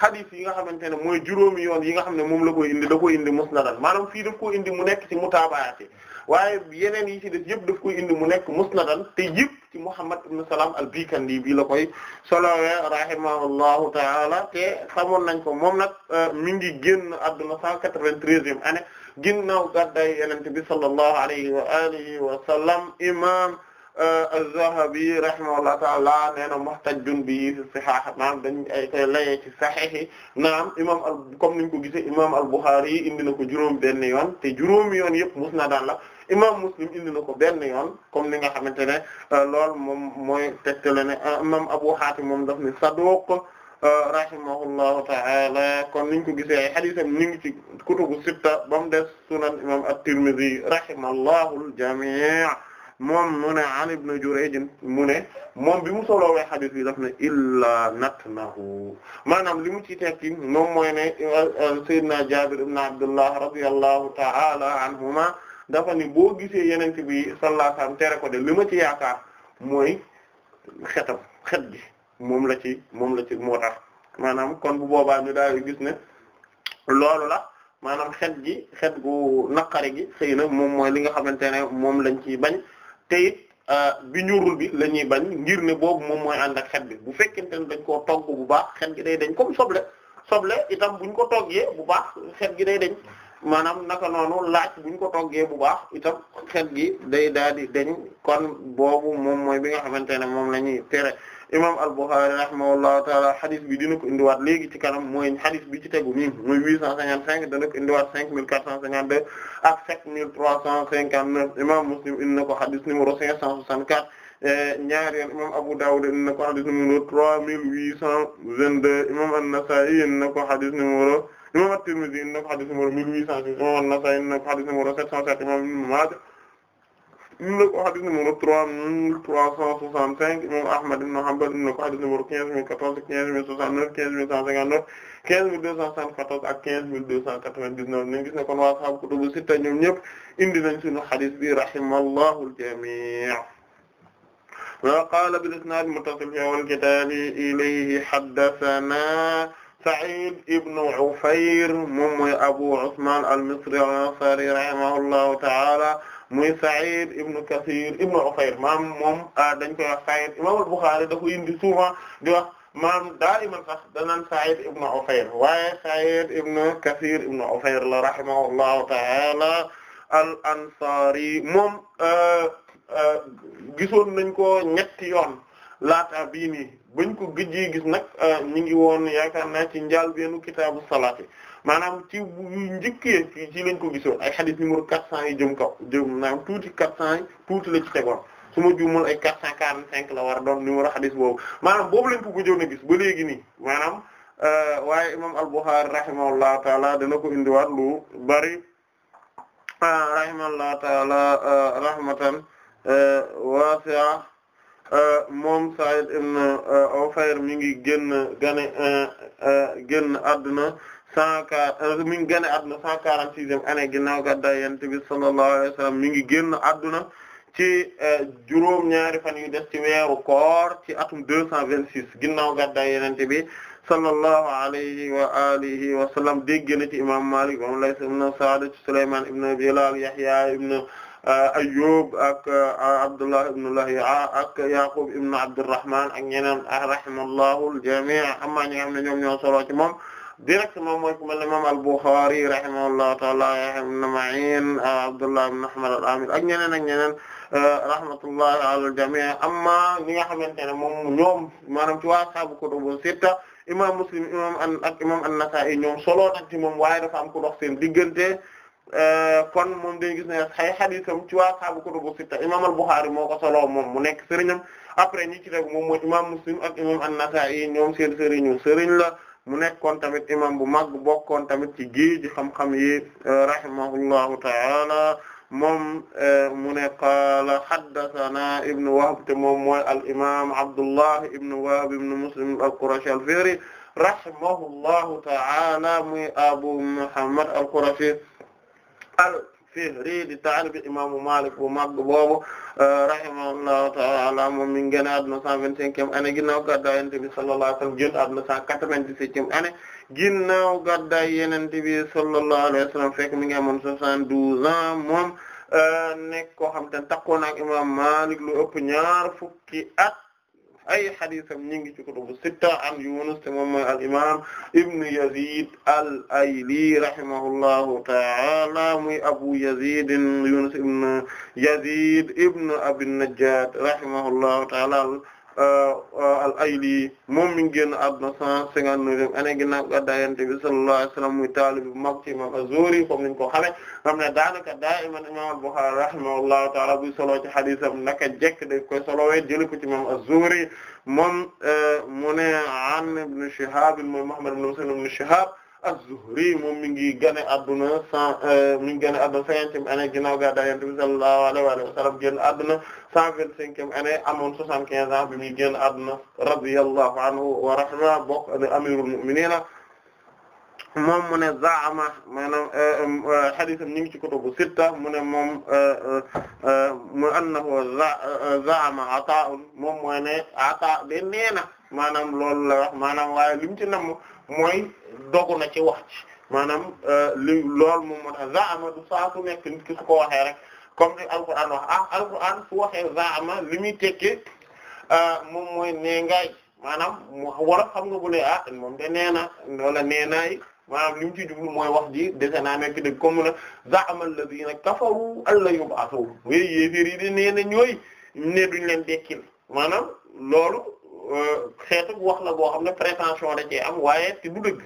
hadith euh, yi nga xamante ne mooy juróomi yoon yi nga xam ne moom la koy indi da koy indi musnadan maanaam fii daf koo indi mu nekk ci mutaabaati waaye yeneen yi ci def yëpp daf koy indi mu nekk musnadan te yëpp ci Muhammad ibn Salam al-Bikandi bi la koy solowee rahimahullahu taala te xamoon nañ ko moom nag euh, mi ngi génn àdduna 193e année ginnaaw gàddaay Yonent bi sallallahu alayhi wa alihi wa sallam imam euh, az-Zahabi rahimahullahu taala nee na muhtajjun bi fi sihah naam dañ ay koy layee ci sahih yi naam imam al comme niñ ko gisee imam al-Bukhari indi na ko juróom benn yoon te juróom yoon yëpp musnad la imam Muslim indi na ko benn yoon comme ni nga xamante ne euh, lool moom mooy tegtale ne euh, imam Abu Hatim moom daf ni saduq euh, rahimahullahu ta'ala kon niñ ko gisee ay hadisam ñu ngi ci kutubu sitta ba mu des sunan imam at-Tirmidhi rahimahullahu al-jami' moom mu ne an ibn Jurayj mu ne moom bi mu soloowee hadis bi daf ne illa natnahu maanaam li mu ci tekki moom mooy ne Seydina Jaabir ibn Abdullah radiyallahu ta'ala anhuma dafa ni boo gisee yeneen yenent bi sallallahu alayhi wasallam tere ko de li ma ci yaakaar mooy xetam xet gi moom la ci moom la ci moo tax maanaam kon bu boobaa ñu daal gis ne loolu la maanaam xet gi xet gu naqare gi xëy na moom mooy li nga xamante ne moom lañ ciy bañ te it euh, bi ñuurul bi la ñuy bañ ngir ne boobu moom mooy ànd ak xet bi bu fekkente ne dañ koo togg bu baax xet gi day dañ comme soble soble itam buñ ko toggee bu baax xet gi day dañ maanaam naka noonu laaj ñu ko toggee bu baax itam xet gi day daal di dañ kon boobu moom mooy bi nga xamante ne moom la ñuy tere imam al-Bukhari rahimahullahu taala hadith bi dina ko indiwaat léegi ci kanam mooy hadith bi ci tegu nii mooy 855 dana ko indiwaat 5452 ak 7359 imam Muslim indi na ko hadith numéro 564 ñaari yoon imam Abu Dawud indi na ko hadith numéro 3822 imam An-Nasa'i indi na ko hadith numéro imam At-Tirmidhi indi na ko xadis numéro 1806 imam An-Nasa'i indi na ko xadis numéro 707 imam Ibn Maaja indi na ko xadis numéro 3365 imam Ahmad ibn Hanbal indi na ko xadis numéro 15014 15069 15159 15274 ak 15299 nañ gis ne kon waa sahabu kutubu sitta ñoom ñëpp indi nañ suñu xadis bi rahimallahu al-jami' wa qala bil isnad muttasil fi awwal kitabi ilayhi haddathana Sa'id ibn Ufayr moom Abu Usman al-Misri al ta'ala muy Sa'id ibn Kathir ibn Ufayr maam moom ah, dañ koy wax Sa'id imam al-Bukhari da ko indi souvent di wax maam daa'iman sax waaye Sa'id ibn la rahimahullahu ta'ala al-Ansari moom ah, ah, gisoon nañ ko ñetti yoon bañ ko gëjjee gis nag ah, ñu ngi woon yaakaar naa ci njaal beenu kitaabu salaat yi maanaam ci yu njëkkee fii ci lañ ko gisoon ay xadis mu quatre cent yi jëm kaw jëm naam tuuti quatre cent yi tuuti la ci tegoon su ma juumul ay quatre cent quarante cinq la war a doon numéro xadis boobu maanaam boobu lañ ko gëjoon a gis ba léegi nii maanaam ah, waaye imam al-Bukhari rahimahullahu taala dana ko indiwaat lu bari ah, rahimahullahu taala rahmatan wasi'a Euh, moom Sa'id ibn euh, mi ngi génn gane euh, génn àdduna san quarante mi ngi génn àdduna cent quarante-sixième année ginnaaw gàddaay Yonent bi mi ngi génn àdduna ci juróom-ñaari fan yu des ci weeru koor ci atum deux cent vingt-six ginnaaw gàddaay Yonent bi sallallahu alayhi wa alihi wa sallam dégg na ci imam Malik moom Layth ibn Sa'd ci Euh, Ayyub ak euh, Abdullah ibn Lahi'a ak Yaqub ibn Abdurrahman ak ñeneen rahimallahu al-jami' amma ñi nga xam ne ñoom ñoo solo ci moom directement mooy ku mel ne moom al-Bukhari rahimahullahu ta'ala Yahya ibn Ma'in euh, Abdullah ibn Ahmad al-Amir ak ñeneen ak ñeneen rahmatullahi ala al-jami' amma ñi nga xamante ne moom ñoom maanaam ci waa saabu kutubu sitta imam Muslim imam ak imam An-Nasa'i ñoom solo nag ci moom waaye dafa am ku dox seen diggante Euh, kon moom dañu gis ne ay xadiisam ci waa saabu kutubu sitta imaam al-Bukhari moo ko moom mu nekk sëriñam après ñi ci tegu moom mooy imaam Muslim ak imaam an-Nasa'i ñoom seen sëriñu sëriñ la mu nekkoon tamit imaam bu mag bokkoon tamit ci géeji xam-xam yi euh, rahimahullahu ta'ala moom euh, mu ne qaala haddathana ibnu Wahb te moom mooy al-imaam Abdullah ibnu Wahb ibnu Muslim al-Qurashi al-Fihri rahimahullahu ta'ala muy Abu Muhammad al-Qurashi al-Fihri di taalibi imaamu Maalik bu mag boobu eh, rahimahullahu ta'ala moom mi ngi génn àdduna 125e année ginnaaw gàddaay Yonent bi sallallahu alayhi wa sallam génn àdduna 197e année ginnaaw gàddaay Yonent bi sallallahu alayhi wa sallam fekk mi ngi amoon 72 moom eh, nekk koo xam te ne takkoon ak imaam Maalik lu ëpp ñaar fukki at. ay xadisam ñu ngi ci kutubu sitta an Yunus te moom mooy al imam ibnu Yazid al Ayli rahimahullahu ta'ala muy Abu Yazid Yunus ibnu Yazid ibnu Abi Najjad rahimahullahu ta'ala Euh, euh, al-Ayli moom mi ngi génn àdduna 159 année ginnaaw gàddaay Yonent bi sallallahu alayhi wa sallam muy taalib bu mag ci imaam az-Zuhri comme niñ ko xamee xam ne daanaka daa'iman a al-Bukhari rahimahullahu ta'ala buy solo ci hadiisam naka jekk da koy solowee jëlee ko ci imaam az-Zuhri moom euh, mu ne an Ibn Shihab mooy Muhammad ibn Muslim az-Zuhri moom mi ngi gane adduna cent euh, mi ngi gane adduna cinquantième année ginnaaw gàddaay Yonent bi sallallahu alayhi wa sallam génn adduna cent vingt-cinquième année amoon soixante-quinze ans bi muy génn adduna radiyallahu anhu wa rahima bokk amirul mu'minina moom mu ne zaama maanaam euh, euh, hadisam ñu ngi ci kutubu sitta mu ne mu annahu zaama ata'un moom mooy ne ata de neena maanaam loolu la waaye lim mooy dogu na ci wax ci maanaam euh, li lool moom moo tax zaama du saa su ki su ko waxee rek comme ni alquran wax ah alquran su waxee zaama li muy tekki euh, moom mooy nee ngaay maanaam mu war a xam nga bu ne ah moom de nee na wala nee naay maanaam li mu ci jublu mooy wax ji dese naa nekk dëgg comme na zaama alladhina kafaru alla yub'athu yéeféer yi di nee na ñooy ne duñ leen dekkil maanaam loolu Euh, xeetu wax na boo xam ne prétention da cee am waaye ci du dëgg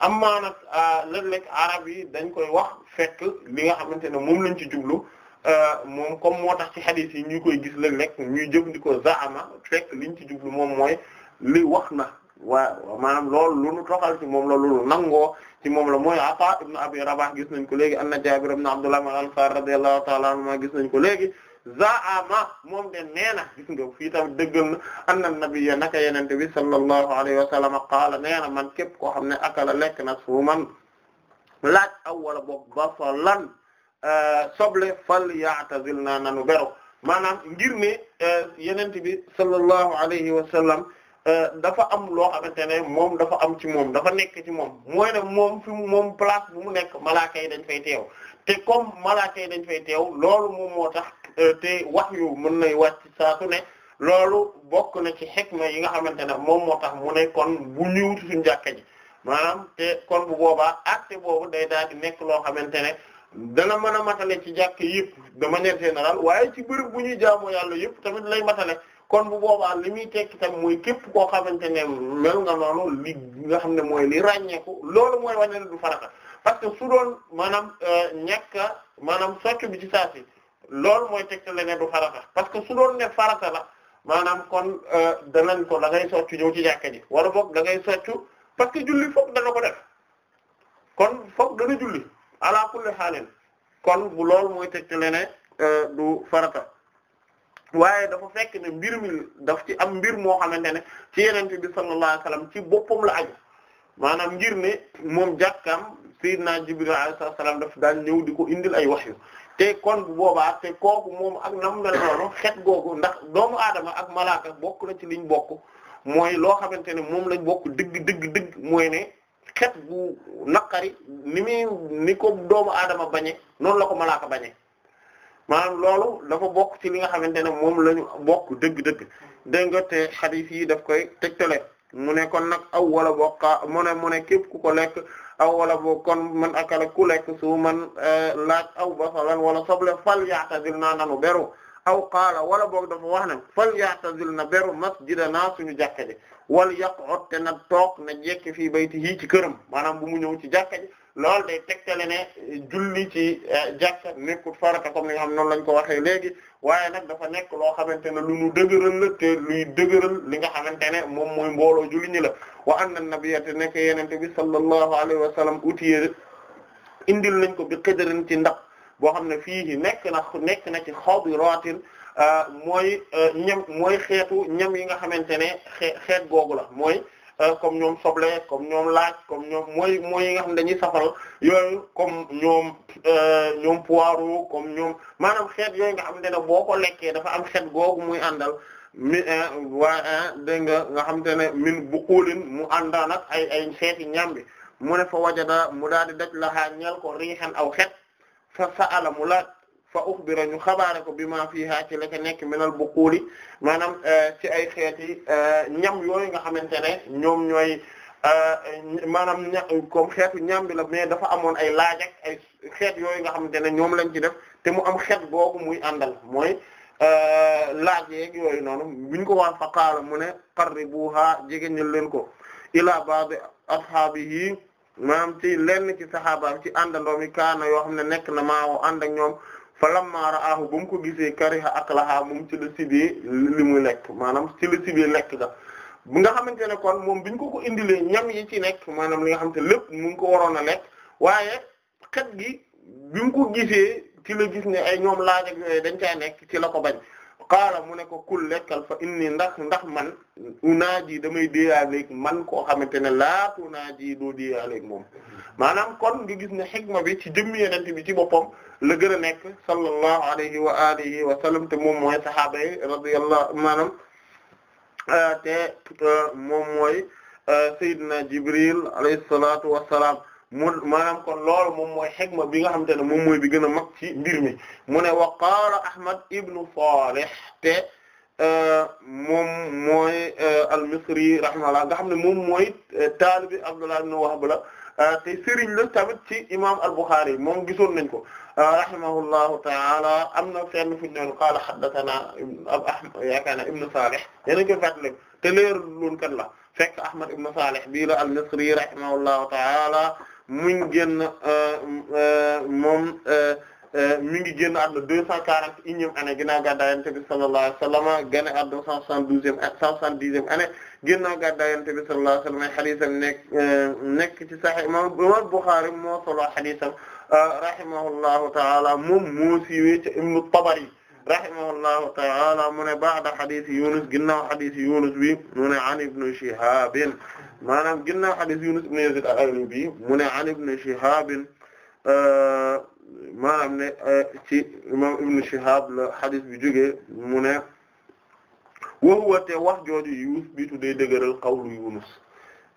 am maa nag euh, léeg-léeg arab yi dañ koy wax fekk li nga xamante ne moom lañ ci jublu euh, moom comme moo tax ci hadith yi ñu koy gis léeg-léeg ñuy jëfandikoo zaama fekk liñ ci jublu moom mooy li wax na waaw maanaam loolu lu nu toxal ci moom la lu nu nangoo ci moom la mooy Ata ibn Abi Rabah gis nañ ko léegi anna Jaabir ibn Abdullah al-Ansari radiyallahu ta'ala anhu gis nañ ko léegi zaama moom de nee na gis nga fii tam dëggal na anna nabiyya naka yenente bi sallallahu alayhi wa sallam qaala nee na man képp koo xam ne akala lekk na suuman laaj aw wala boog basalan euh, soble fal ya'tazil naa nanu beru maanaam ngir ne euh, yenente bi sallallahu alayhi wa sallam Euh, dafa am loo xamante ne moom dafa am ci moom dafa nekk ci moom mooy ne moom fi mu moom place bu mu nekk malaaka yi dañ fay teew te koom malaaka dañ fay teew loolu moom moo tax euh, te wax yu mën nay wàcc saa su ne loolu bokk na ci xikma yi nga xamante ne moom moo tax mu ne bu ñëwut suñu jàkka ji maanaam te kon boobaa acte boobu day daal di nekk loo xamante ne dana mën a matale ci jàkk yëpp de manière générale waaye ci bërëb bu ñuy jaamoo yàlla yëpp tamit lay matale kon bu boobaa li muy tekki tam mooy képp koo xamante ne mel nga noonu li nga xam ne mooy li ràññeeku loolu mooy wane ne du farata parce que su doon maanaam euh, ñàkk maanaam socc bi di saa si loolu mooy tekki la ne du farata parce que su doon ne farata la maanaam kon euh, danañ ko da ngay socc ñëw ci jàkka ji wala boog da ngay socc parce que julli foog dana ko kon foog dana julli ala kulli xaalin bu loolu mooy tekki la euh, du farata. waaye dafa fekk ne mbir mi ci am mbir moo xamante ne ci yenente bi sallallahu alayhi wasallam ci boppam la aju maanaam ngir ne moom jàkkaam sayyidina Jibril alayhi salaam daf daan ñëw di ko indil ay waxyu te kon bu te kooku moom ak nam mel noonu xet googu ndax doomu aadama ak malaaka bokk na ci liñ bokk mooy loo xamante ne moom lañ bokk digg digg dëgg mooy ne xet gu naqari ni muy ni ko doomu aadama bañe noonu la ko malaaka bañe maanaam loolu dafa bokk ci li nga xamante ne moom la ñu bokk dëgg-dëgg dégg nga te xadiis yi daf koy tegtale mu ne kon nag aw wala bokka mu ne mu ne ku ko lekk aw wala boog kon man akala ku lekk su man eh, laaj aw basalan wala soble fal ya'tazil naa nanu beru aw qaala wala boog dafa wax ne fal ya'tazil na beru naa suñu jàkka ji wal yaq'ud te na toog na jekki fii bay yii ci këram maanaam bu mu ñëw ci jàkka ji loolu day tegtale ne julli ci eh, jàkka nekkul farata comme ni nga xam noonu lañ ko waxee léegi waaye nag dafa nekk loo xamante ne lu ñu dëgëral la luy dëgëral li nga xamante ne moom mooy mbooloo juli ñi la wa anna nabiyya te nekk yenente bi sallallahu alayhi wa sallam utiye indil nañ ko bi xëjërin ci ndax boo xam ne fii nekk na nekk na ci xadiratin eh, mooy eh, ñam mooy xeetu ñam yi nga xamante ne xeet googu la mooy Euh, comme ñoom soble kom ñoom laaj comme ñoom mooy mooy yi nga xam ne dañuy safal yooyu comme ñoom euh, ñoom poireau comme ñoom maanaam xeet yooyu nga xam ne boo ko lekkee dafa am xeet googu muy àndal mi euh, waa dégg nga nga xamante ne min bu xuulin mu àndaan ak ay ay xeeti ñambi mu ne fa wajada mu daal di daj laxaa ñel ko riixan aw xeet fa sa ala mu laaj fa uxbira ñu xabaare ko bi ma fiihaa ci la nekk nekk bu buquuli maanaam eh, ci ay xeeti eh, ñam yooyu nga xamante ne ñoom ñooy eh, maanaam ña comme xeetu ñam bi la mais dafa amoon ay laaj ay xeet yooyu nga xam ne ñoom lañ ci def te mu am xeet boobu muy àndal mooy laaj yeeg yooyu noonu buñ ko wax fa qaala mu ne qarribuha jege ñu leen ko ilaa ba'di ashaabihi maanaam ci lenn ci saxaaba ci àndandoom yi kaana yoo xam ne nekk na maa ànd ak ñoom fa lamma ra'aahu ba mu ko gisee kariha aklaha moom ci la sibee li mu lekk maanaam ci la sibee lekk ga bu nga xamante ne kon moom biñ ko ko indilee ñam yi ci nekk maanaam li nga xamante ne lépp mu ngi ko waroon lekk waaye xet gi bi mu ko gisee ci la gis ne ay ñoom laaj ak yooyu dañ caa nekk ci la ko bañ qaala mu ne ko kul lekkal fa inni ndax ndax man unaaji damay déeyaaleeg man koo xamante ne laatu unaaji doo déeyaaleeg moom maanaam kon nga gis ne xikma bi ci jëmmi yenente bi ci boppam la gën a nekk sallallahu alayhi wa alihi wa sallam te moom mooy sahaaba yi radiyallahu maanaam euh, te euh, moom mooy euh, Seydina Jibril alayhi salaatu wa mu maanaam kon loolu moom mooy xegma bi nga xamante ne moom mooy bi gën a mag ci mbir mi mu ne wa qaala Ahmad ibnu Salih te moom mooy al-Misri rahimahullah nga xam ne moom mooy taalibi Abdullah ibn Wahb la te sëriñ la tamit ci imam al moom gisoon nañ ko rahimahullahu ta'ala am na fenn fu ñu qaala haddathana ab Ahmad yaakaar naa Ibn Salih yéen a ngi koy fàttali te leerul woon kan la fekk Ahmad Ibn Salih bii la al-Misri rahimahullahu ta'ala mu ngi génn euh, euh, moom euh, mi ngi génn àdduna deux cent quarante et unième année ginnaaw gàddaay Yonent bi sallallahu alayhi wa sallam génn àdduna cent soixante-douzième cent soixante-dixième année ginnaaw gàddaay Yonent bi sallallahu alayhi wa sallam ay hadiisam nekk nekk ci Sahih imam Bukhari moo solo hadiisam rahimahullahu ta'ala moom moo siiwee ca Ibnu Tabari rahimahullahu ta'ala mu ne ba'da hadith Yunus ginnaaw hadith Yunus bi mu ne an Ibnu Shihab maanaam ginnaaw hadith Yunus ibn Yazid al-Ayli bi mu ne an Ibnu Shihab maanaam ne ci imam Ibnu Shihab la hadith bi jógee mu ne woowu te wax jooju Yunus bi tuddee dëgëral qawlu Yunus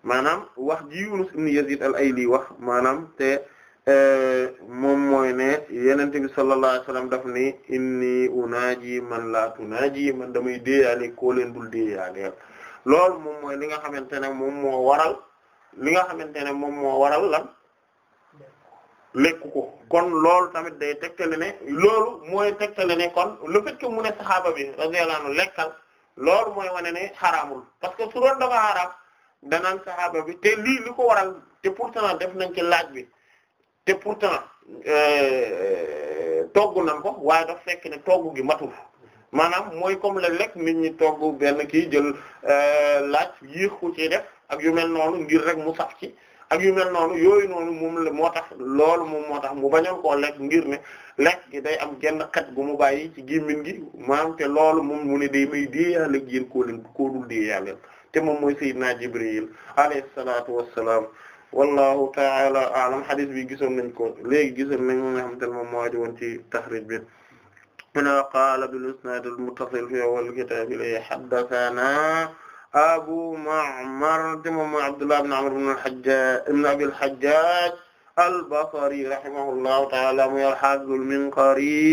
maanaam wax ji Yunus ibn Yazid al-Ayli wax maanaam te. Eh, moom mooy ne yenente bi sallallahu alayhi wasallam daf ni inni unaaji man la tunaaji man damay déeyaale koo leen dul déeyaaleel lool moom mooy li nga xamante ne moom moo waral li nga xamante ne moom moo waral lan lekk ko kon lool tamit day tegtale ne loolu mooy tegtale ne kon le fait que mu ne saxaaba bi radiyallahu anhu lekkal lool mooy wane ne parce que su doon dafa xaraam danaan saxaaba bi te lii li ko waral te pourtant def nañ ci laaj bi te pourtant euh, togg nan ko waaye daf fekk ne togg gi matul maanaam mooy comme léeg-léeg nit ñi togg benn kii jël euh, laaj yéex ko ci def ak yu mel noonu ngir rek mu saf ci ak yu mel noonu yooyu noonu moom la moo tax loolu moom moo tax mu bañoon ko lekk ngir ne lekk gi day am genn xet gu mu bàyyi ci gémmiñ gi maanaam te loolu moom mu ne day may déeyaale ak yéen koo leen koo dul déeyaaleel te moom mooy Seydina Jibril alayhi salaatu wassalaam wallahu ta'ala a'lam hadith bi gisoon nañ ko léegi gisoon nañ moom nga xamante ne moom moo aju woon ci taxrij bi mu ne wa qaala bil isnaad al muttasil fi awwal kitaab li haddathana abu ma'mar moom mooy abdullah ibn amr ibn al hajjaj ibn abi al hajjaj al basri rahimahullahu ta'ala muy al haafiz al minqari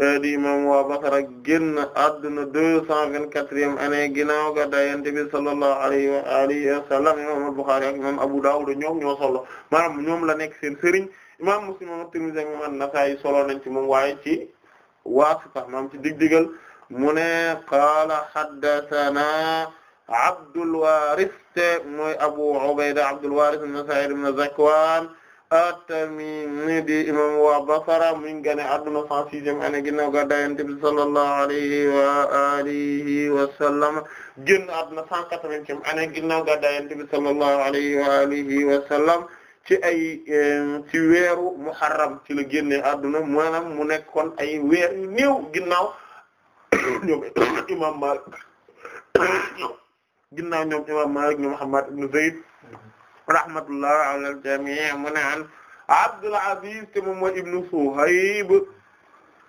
Euh, di imam waa Basra génn adduna deux cent vingt-quatrième année ginnaaw gàddaay Yonent bi sallallahu alayhi wa alihi wa sallam imam al-Bukhari ak imam Abu Dawud ñoom ñoo solo maanaam ñoom la nekk seen sëriñ imam Muslim ak Tirmidhi ak imam an solo nañ ci moom waaye ci waasita maanaam ci digdigal mu ne qaala haddathana Abdul Waaris mooy Abu Ubayda Abdul Waaris ibn Sa'id ibn Zakwan at-Tamimi di imam wa Basra mi ngi génn àdduna 106e année ginnaaw gàddaay sallallahu alayhi wa alihi wa sallam génn àdduna 180 sallallahu alayhi wa alihi wa sallam ci ay ci weeru Muharram ci la génnee àdduna maanaam mu nekkoon ay weer yu néew *coughs* *coughs* imam Malik *coughs* ginnaaw ñoom imam Malik ñoom Muhammad ibn Zayd rahmatullah ala al-jami' mu ne an Abdul Aziz te moom mooy ibnu Suhayb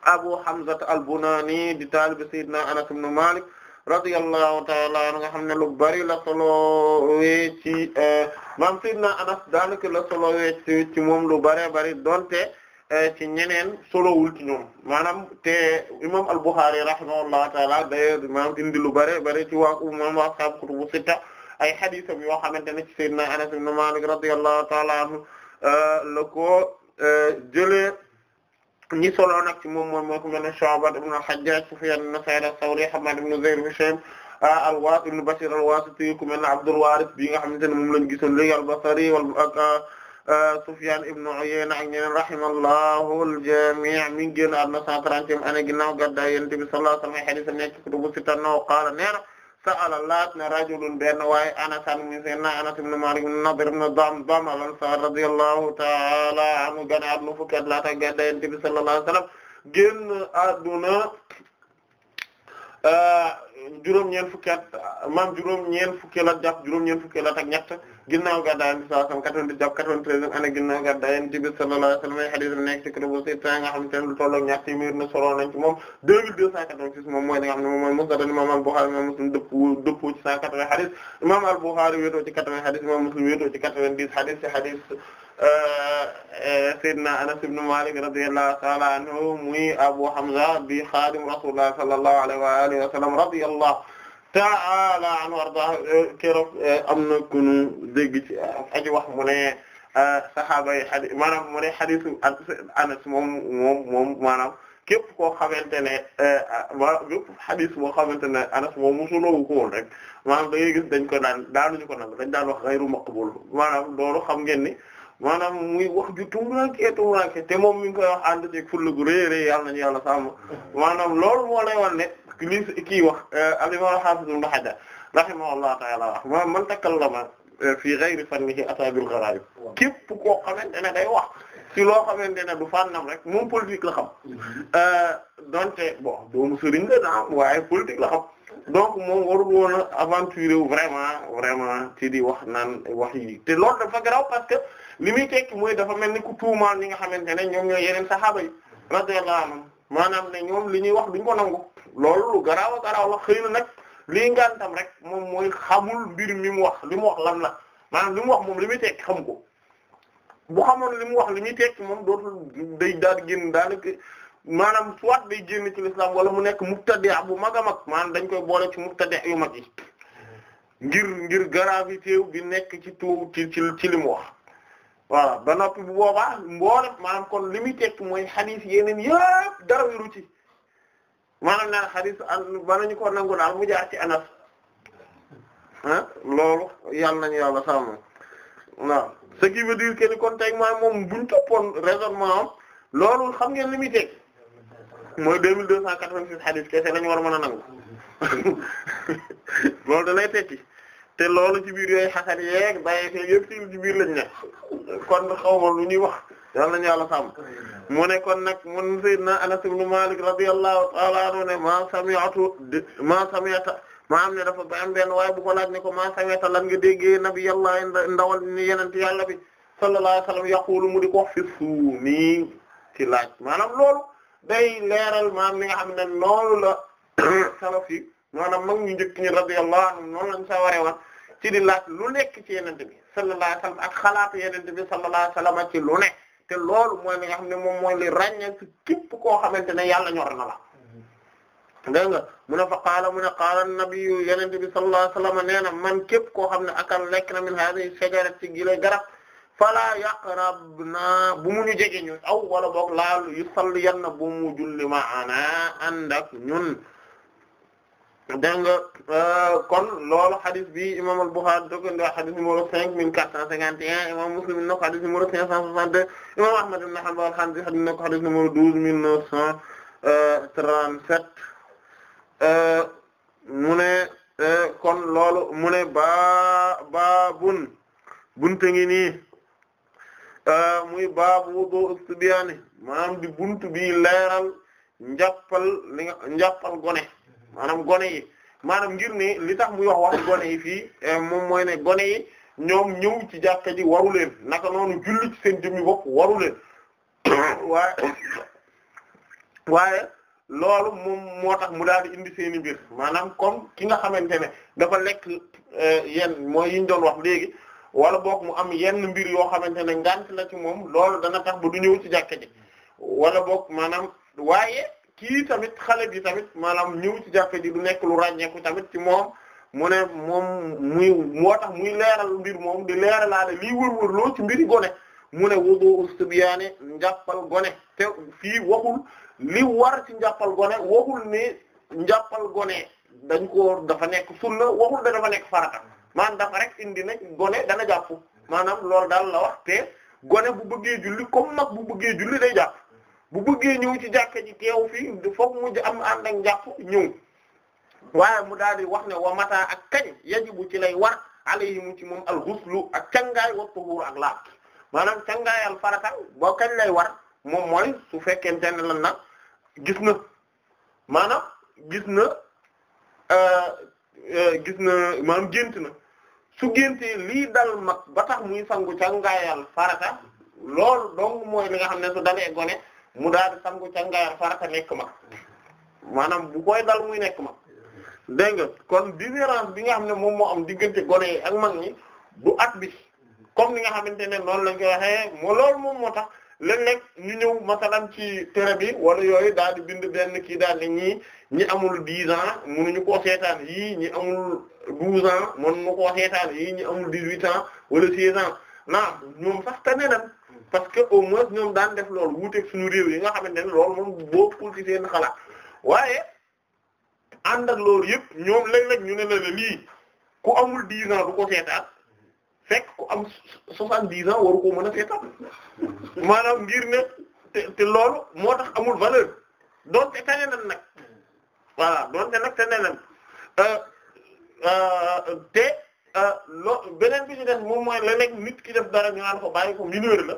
Abu Hamza al-Bunani di taalib Sayyidina Anas ibn Malik radiyallahu ta'ala anhu nga xam ne lu bari la solowee ci eh, maam Sayyidina Anas daanaka la solowee ci moom lu bare bari donte eh, ci ñeneen solowul ci ñoom maanaam te imam al-Bukhari rahimahullahu ta'ala d'ailleurs maanaam indi lu bare bari ci waa imam ashab kutubu sitta ay xadisam yoo xamante ne ci sayyidina Anas ibn Malik radiyallahu ta'ala anhu euh, la ko euh, jëlee ñi solo nag ci moom moom moo ko mel ne Shu'ba ibn al-Hajjaj Sufyan ibn Sa'id as-Sawri Hammad ibn Zayd Hisham euh, al-Waas ibn Bashir al-Wasiti ku mel ne Abdul Warith bi nga xamante ne moom lañu gisoon léegi al-Basri wal ak Sufyan ibn Uyayna ak ñeneen rahimallahu al-jami' mi ngi génn àdduna 130e année ginnaaw gàddaay Yonent bi sallallahu alayhi wa sallam hadiis nekk kutubu sitta qaala nee na sa'ala laaj na rajulun benn waaye anasan mi seydina anas ibn malik ibn nadr ibn damdam al-ansari radiyallahu ta'ala anhu gane aduna fukki at laata gadda yonent bi sallallahu alayhi wasallam génn aduna euh, juróom-ñeent fukki at maam juróom-ñeent fukki at jàpp juróom-ñeent fukki at ak ñett ginnaaw gàddaay Yonent bi sallallahu alayhi wasallam 90 jàpp 93 ana ginnaaw gàddaay Yonent bi nekk ci kutubu sitta nga xam te ne lu tollook solo ne moom mooy Musnad imam al-Bukhari imam al-Bukhari wéetoo ci 80 hadith imam Muslim Eh, eh, Seydina Anas ibn Malik radiyallahu ta'ala anhu muy Abu Hamza bi xaadim rasulullah sallallahu alayhi wa alihi wa sallam radiyallahu ta'ala anhu warda eh, keroog am na ku ñu dégg ci aji wax mu ne saxaaba yi xadi maanaam mu ne xadisu Anas moom moom moom maanaam képp koo xamante ne wa ah, képp xadis boo xamante ne anas moom musuloowu ko woon rek maanaam da ngay gis dañ ko daan daanuñu ko nag dañ daan wax xayru maqbul maanaam loolu xam ngeen ni maanaam muy wax ju tumuranke tumuranke te moom mi ngi koy wax ànd ci fulla gu rëy rëy yàlla nañu yàlla sàmm maanaam loolu moo lay wan ne li kii wax euh, al-imam Hafiz Ibn Hajar rahimahullahu ta'ala wa man takallama euh, fi ghayri fannihi ata bil gharaib képp koo xamante ne day wax si loo xamante ne du fànnam rek moom politique la xam mm-hmm. euh, donte bo doomu sëriñ la daam waaye politique la xam donc moom warul woon a aventuré wu vraiment vraiment ci di wax naan wax yi te loolu dafa garaaw parce que li tekki mooy dafa mel ni ku tuumaal ñi nga xamante ne ñoom ñooy yeneen saxaaba yi radiyallahu anhum maanaam ne ñoom li ñuy wax duñ ko nangu loolu lu garaaw a garaaw la xëy na nag lii ngantam rek moom mooy xamul mbir mi mu wax li mu wax lan la maanaam li mu wax moom li muy tekki xam ko bu xamoon li mu wax li muy tekki moom dootul day daal di génn daanaka maanaam soit day génn ci l'islam wala mu nekk mubtadi bu mag a mag maanaam dañ koy boole ci mubtadi yu mag yi ngir ngir gravité bi nekk ci tuu ci ci ci li mu wax ba noppi bu boobaa mboolem maanaam kon li muy mooy xadis yeneen yëpp dara wéru ci maanaam naan xadis an ba nañu ko nangu daal mu ci anas ah loolu yàlla nañu yàlla sàmm waaw ce qui veut dire que kon tey maanaam moom buñ toppoon raisonnement am loolu xam ngeen li muy tekk mooy deux mille deux cent quatre-vingt-six xadis kese war a mën a nangu *laughs* loolu da lay tekki te lool ci biir yooyu xasal yeeg bàyyi ko yëpp ci biir lañ ne kon xaw ma lu ñuy wax yàlla nañu yàlla sàmm mu ne kon nag mun sayyidna Anas ibn Malik radiyallahu ta'ala anhu ne ma sami'tu ma sami'ta maa am ne dafa ba am benn waaye buko ko laaj ne ko ma sami'ta lan nga déggee nabiyallah ndawal ni yenent yàlla bi sallallahu alayhi wasallam yaqulu mu di ko fi suumi ci day leeral maam li nga xam ne noonu la *clears throat* salaf yi maanaam mag ñu njëkk ñi radiyallahu anhum noonu lañ sa waree woon ci di laat lu nekk ci yenente bi sallallahu alayhi wa sallam ak xalaatu yenente bi sallallahu alayhi wa sallam ci lu ne te loolu mooy li nga xam ne moom mooy li ràññee ci képp koo xamante ne yàlla ñor na la nga mu ne fa qaala mu ne qaala nabiyyu yenente bi sallallahu alayhi wa sallam nee na man képp koo xam ne akal lekk na min hadihi shajarat ci gile garab fala yaqrabna bu mu ñu jege ñu aw wala boog laalu yu salli yan bu mu julli ma ana ànd ak ñun dégg nga euh, kon loolu hadis bi imam al-Bukhari dogon di hadis numéro cinq mille quatre cent cinquante et un imam Muslim na ko hadis numéro cinq cent soixante-deux imam Ahmad ibn Hanbal hadis na hadis numéro douze mille neuf cent euh, trente-sept euh, mu ne kon loolu mu ne baa baabun bunte ngi nii Ah, muy baabu wudu istibyaan maanaam di bunt bi leeral njàppal li nga njàppal gone maanaam gone yi maanaam ngir ni li tax muy wax wax gone yi fii eh, moom mooy ne gone yi ñoom ñëw ci jàkka ji waru leen naka noonu julli ci seen jëmmi bopp waru leen *coughs* *coughs* waaye loolu moom moo tax mu daal di indi seen mbir maanaam comme ki nga xamante ne dafa lekk eh, yen mooy yi ñu wax léegi wala bokk mu am yenn mbir yoo xamante ne ngant la ci moom loolu dana tax ba du ñëw ci jàkka ji wala bokk maanaam waaye kii tamit xale bi tamit maanaam ñëw ci jàkka ji du nekk lu ràññeeku tamit ci moom mu ne moom muy moo tax muy leeral mbir moom di leeralaale lii wër-wër loo ci mbiri gone mu ne wudu sibyaane njàppal gone te fii waxul li war ci njàppal gone waxul ni njàppal gone dañ koor dafa nekk sunna waxul da dafa nekk farata maan dafa rek indi na gone dana jàpp maanaam loolu daal la wax te gone bu bëggee julli comme nag bu bëggee julli day jàpp bu bëggee ñëw ci jàkka ji teew fii foog mu am ànd ak jàpp ñëw waaye mu daal wax ne wa mataa ak kañ yajibu ci lay war alayhi mu ci moom al-ghuslu ak cangaay wa tuhur ak laab maanaam cangaayal farata boo kañ lay war moom mooy su fekkee ne lan nag gis na maanaam gis na euh, euh, gis na maanaam gént na su géntee lii dal mag ba tax muy sangu cangaayal farata lool donc mooy li nga xam ne su dalee gone mu daal di sangu cangaayal farata nekk ma maanaam bu koy dal muy nekk ma dégg nga kon différence bi nga xam ne moom moo am diggante gone yi ak mag ñi du at bi comme ni nga xamante ne noonu lañ koy waxee moo loolu moom moo tax léeg-léeg ñu ñëw masalan ci tere bi wala yooyu daal di bind benn kii daal di ñii ñi amul dix ans mënuñu koo seetaan yii ñi amul douze ans mënuñu ko seetaan yii ñi amul dix-huit ans wala seize naa ñoom sax tane nan parce que au moins ñoom daan def loolu wuuteeg suñu réew yi nga xamante ne loolu moom bokkul ci seen xalaat waaye ànd ak yëpp ñoom léeg-léeg ñu ne la lii ku amul dix ans du ko seetaan fekk ku am soixante-dix ans waru ko mën a seetaan maanaam ngir ne te te loolu moo tax amul valeur doonte tane nan nag voilà doonte nag tane nan euh, euh, te euh, beneen bi ci def moom mooy leneen nit ki def dara ñu naan ko bàyyi ko mineur la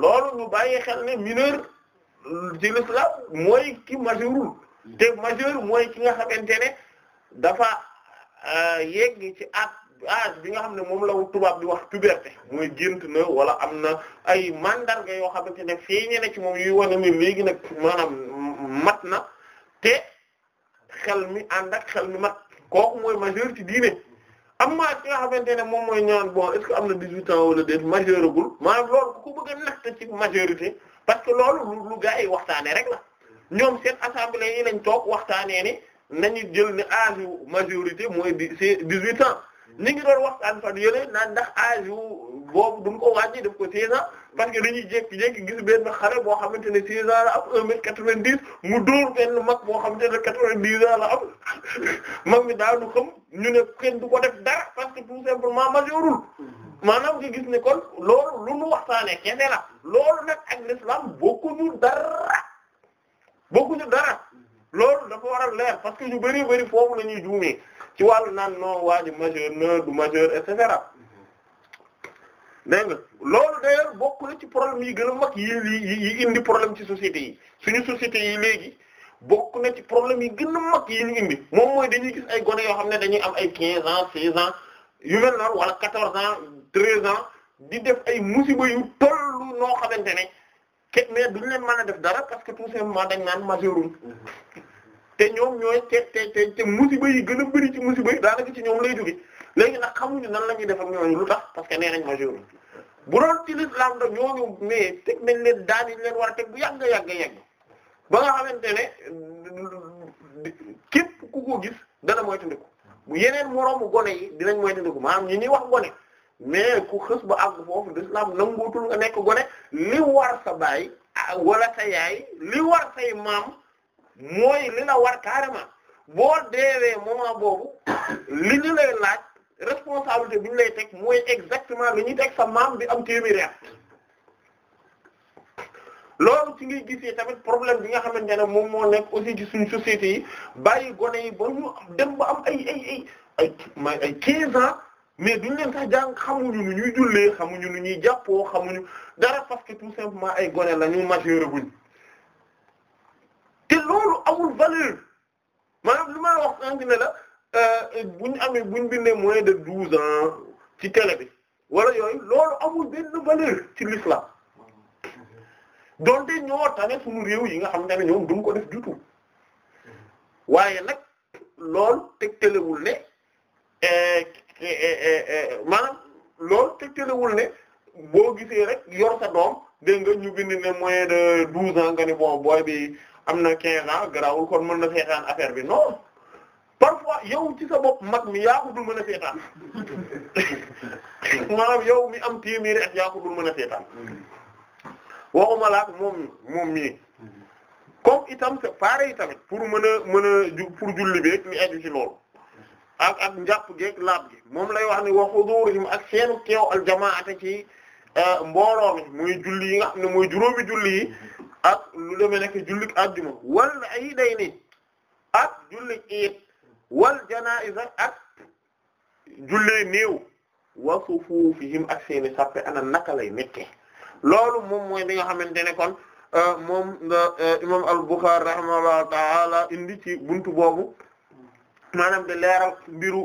loolu ñu bàyyi xel ne mineur ci l'islam mooy ki majeurul te majeur mooy ki nga xamante ne dafa yegg ci at âge bi nga xam ne moom la tubaab di wax puberté mooy gént na wala am na ay mandarga yoo xamante ne feeñe na ci moom yuy wane ni léegi nag maanaam mat na te xel mi ànd ak xel mi mat kooku mooy majeur ci diine am na ci nga xamante ne moom mooy ñaan bon am na 18 ans wala déet majeuragul maanaam loolu ku ko bëgg a natt ci majorité parce que loolu lu gaa yi waxtaanee rek la ñoom seen assemblée yi lañ toog waxtaanee ni nañu jël ne âge majorité mooy dix-huit ans ni ngi doon waxtaan fan yële naan ndax âge yu boobu duñ ko wàññi def ko six ans parce que dañuy jékki-jékki gis benn xale boo xamante ne six ans la am un mètre quatre mu dóor benn mag boo xam ne quatre-vingt-dix la am *laughs* mi daanu xam ñu ne kenn du ko def dara parce que tout simplement majeurul maanaam nga gis ne kon loolu lu nu waxtaanee kese la loolu nag ak l'islam bokkuñu dara bokkuñu dara loolu dafa war a leer parce que ñu bari bari foofu la ñuy juumee ci wàllu naan non waa ji majeur na du majeur et cetera dégg nga loolu d'ailleurs bokk na ci problème yi gën a mag yi yi indi problème ci société yi suñu société yi léegi bokk na ci problème yi gën a mag yi ñu indi moom mooy dañuy gis ay gone yoo xam ne dañuy am ay 15 ans 16 ans yu mel noonu wala 14 ans 13 ans di def ay musiba yu tollu noo xamante ne ke mais duñ leen ma a def dara parce que tout simplement dañ naan majeurul mm-hmm. te ñoom ñooy te te te musiba yi gën a bëri ci musiba yi daanaka ci ñoom lay jóge léegi nag xamuñu nan la ñuy def ak ñooñu lu tax parce que nee nañ majeur bu doon ci l'islam da ñooñu mais teg nañ leen daan yi leen war a teg bu yàgg yàgg yàgg ba nga xamante ne képp ku ko gis dana moytandiku bu yeneen moroomu gone yi dinañ moytandiku maanaam ñi ñuy wax gone mais ku xës ba àgg foofu l'islam nangootul nga nekk gone li war sa baay wala sa li war say maam mooy li la war carrément boo deewee moment boobu li ñu lay laaj responsabilité bi ñu lay teg mooy exactement li ñuy teg sa maam bi am téeméeri at loolu ci ngay gisee tamit problème bi nga xamante ne moom moo nekk aussi ci suñu société yi bàyyi gone yi ba ñu dem ba am ay ay ay ay ma ay 15 ans mais duñ leen sax jàng xamuñu nu ñuy jullee xamuñu nu ñuy jàppoo xamuñu dara parce que tout simplement ay gone la ñu majeur guñ amul valeur maanaam lu may wax sànq ne la euh, bu ñu amee bu ñu bindee moins de douze ans ci tele bi wala yooyu lool amul benn valeur ci l'islam donte ñoo tane suñu réew yi nga xam ne ñoom duñ ko def du tout waaye nag teg telewul ne lool euh, euh, loolu tegtalewul ne boo gisee rek yor sa doom dégg nga ñu bind ne moyen de douze ans nga ne bon booy bi am na 15 ans kon mën na seetaan affaire bi non parfois yow ci sa bopp mi yaa ko mën a seetaan *laughs* maanaam yow mi am téeméeri ak yaa ko dul mën a seetaan waxuma laak moom mii comme itam c'est pareil tamit mën a mën a pour julli beeg ni aju ci loolu ak ak njàpp geeg gi moom lay wax ni wa hudurihim ak seenu teew al jamaata ci euh, mbooloo mi muy julli yi nga xam ne mooy juróomi julli yi ak lu demee nekk jullit àjjuma wal iidayni ak jullit iid wal janaa'iza ak jullee néew wa sufuufihim ak seeni ana naka lay méttee loolu moom mooy li nga xamante ne kon euh, moom euh, imam al-Bukhari rahimahullahu ta'ala indi ci buntu boobu maanaam de leeral mbiru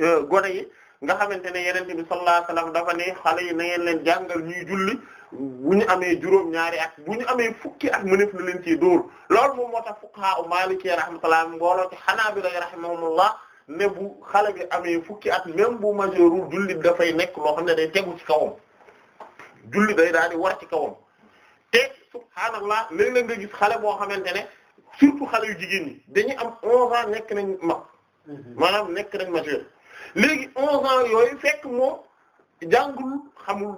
euh, gone yi nga xamante ne yonent bi sallallahu alayhi wasallam dafa ne xale na ngeen leen jàngal ñuy julli bu ñu amee juróom ñaari at bu ñu amee fukki at mëneef na leen ci dóor loolu moom moo tax fuqaha u Maliki rahmatullah mbooloo ci Hanabila rahimahumullah ne bu xale bi amee fukki at même bu majeurul jullit dafay nekk loo xam ne day tegu ci kawam julli day daal di war ci kawam te subhaanallah léeg-léeg nga gis xale boo xamante ne surtout xale yu jigéen ñi dañuy am 11 ans nekk nañ mag mhm. maanaam nekk nañ majeur léegi yooyu fekk moom jàngul xamul.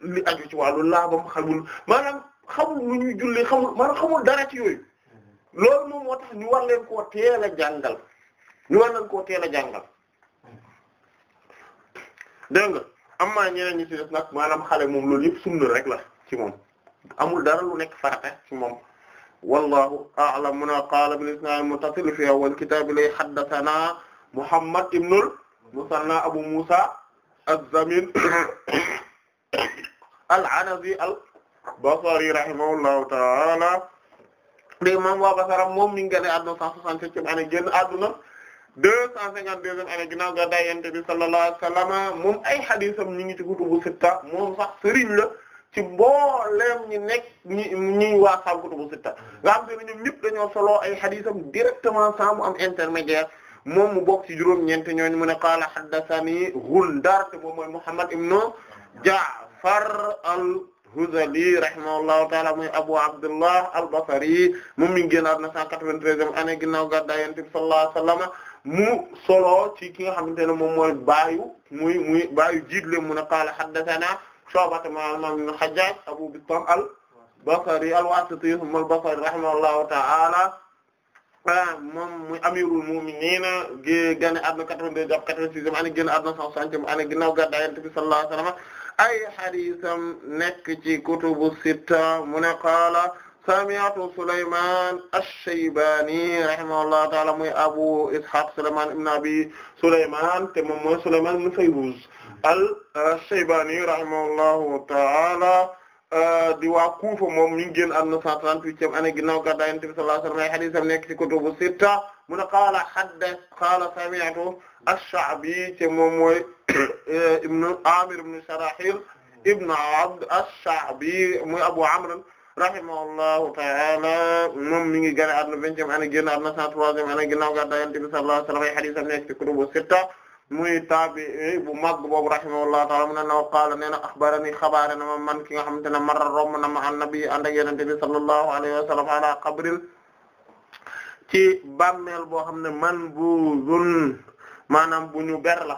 li aju ci wàllu laabam xamul maanaam xamul lu ñuy julli xamul maanaam xamul dara ci yooyu loolu moom moo ñu war leen koo teel a jàngal ñu war leen koo a jàngal dégg nga am na ñeneen ñi maanaam xale moom loolu yëpp sunna rek la ci moom amul dara lu nekk farata ci moom wallahu a'lam mu na qaala bil isnad muttasil fi awwal kitab lay haddathana muhammad ibnul musanna abu musa az-zamin *coughs* al-Anazi al-Basri rahimahullahu ta'ala de imam wa Basra moom mi ngi génn àdduna 167 année génn àdduna 252 année ginnaaw gàddaay Yonent bi sallallahu alayhi wa sallam moom ay hadiisam ñu ngi ci kutubu sitta moom sax sëriñ la ci mboolem ñi nekk ñi ñuy waa xam kutubu sitta nga xam te ne ñoom ñëpp dañoo soloo ay hadiisam directement sans mu am intermédiaire moom mu bokk ci juróom-ñeent ñooñu mu ne qaala haddathanii Ghundar te moom mooy Muhammad ibn Ja'far Zafar al-Huzali rahimahullahu ta'ala muy Abu Abdullah al-Basri moom mi ngi génn àdduna 193e année ginnaaw gàddaay Yonent bi sallallahu alayhi wa sallam mu solo ci ki nga xamante ne moom mooy baayu muy muy baayu jiitle mu ne qaala haddathana Shu'ba maanaam ibn Hajjaj Abu Bistam al-Basri al-Wasiti thumma al-Basri rahimahullahu ta'ala ah moom muy amirul mu'minin gane àdduna 82 jàpp 86e année génn àdduna 160e année ginnaaw gàddaay Yonent bi sallallahu alayhi wa sallam ay xadisam nekk ci kutubu sitta mu ne qaala sami'tu Sulaymaan ash-Shaybaani rahimahullahu ta'aala muy Abu Ishaaq Sulaymaan ibn Abi Sulaymaan te moom mooy Sulaymaan ibn Fayruz al-Shaybaani rahimahullahu ta'aala di waa Kuufa moom ñu ngi génn àdduna 138 ane ginnaaw gàddaay Yonent bi sallallahu alayhi wa sallam ay xadisam nekk ci kutubu sitta mu ne qaala hadda qaala sami'tu ash-Sha'bi te moom mooy *coughs* ibn Amir ibn Sharahil ibn Abd ash-Sha'bi muy Abu Amr rahimahullahu ta'ala moom mi ngi gane àdduna vingtième année génn àdduna cent troisième année ginnaaw gàddaay Yonent bi sallallahu alayhi wa sallam ay hadiis am nekk ci kutubu sitta muy taabi bu mag boobu rahimahullahu ta'ala mu ne naw qaala nee na axbarani xabaare na ma man ki nga xamante ne marra romb na ma an nabi ànd ak Yonent bi sallallahu alayhi wa sallam ala qabrin ci bàmmeel boo xam ne man bu zun maanaam bu ñu ber la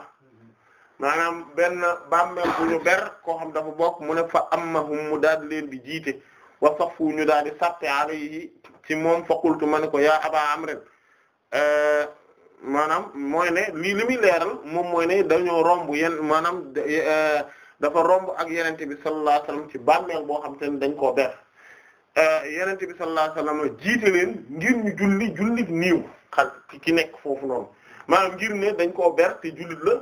maanaam benn bàmmeel bu ñu ber koo xam dafa bokk mu ne fa ammahum mu daal di leen di jiite wa safu ñu daal di sàppe alayhi ci moom fa qultu ma ne ko yaa aba amrin euh, maanaam mooy ne lii li leeral moom mooy ne dañoo romb yenn maanaam euh, dafa romb ak yenente bi sallallahu alayhi wasallam ci bàmmeel boo xam te ne dañ koo ber Euh, yeneen bi sallallahu alayhi jiite leen ngir ñu julli julli niiw xal ki nekk foofu noonu maanaam ngir ne dañ koo ber te jullit la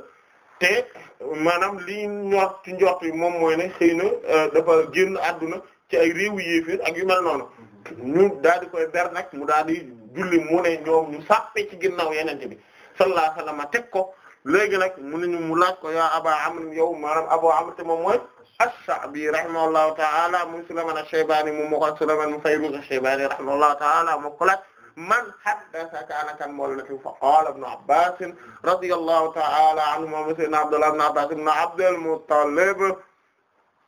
te maanaam li ñor ci njort bi moom mooy ne xëy na euh, dafa génn àdduna ci ay réewu yéeféer ak yu mel noonu ñu daal koy ber nag mu daal di julli mu ne ñoom ñu sàppe ci ginnaaw yenente bi sallallahu alayhi wasallam teg ko léegi nag mu ne ñu mu laaj ko aba amr yow maanaam abo amr te moom mooy Ash-Sha'bi rahimahullahu ta'ala muy Sulaymaan ash-Shaybaani moom moo ko ak Sulaymaan mu Fayruz ash-Shaybaani rahimahullahu ta'ala moo ko laaj man haddathaka ana kan moo la fi fa qaala Ibnu Abbaas radiyallahu ta'ala anhumaa moom Sayyidinaa Abdullah ibn Abbaas ibn Abdul Muttalib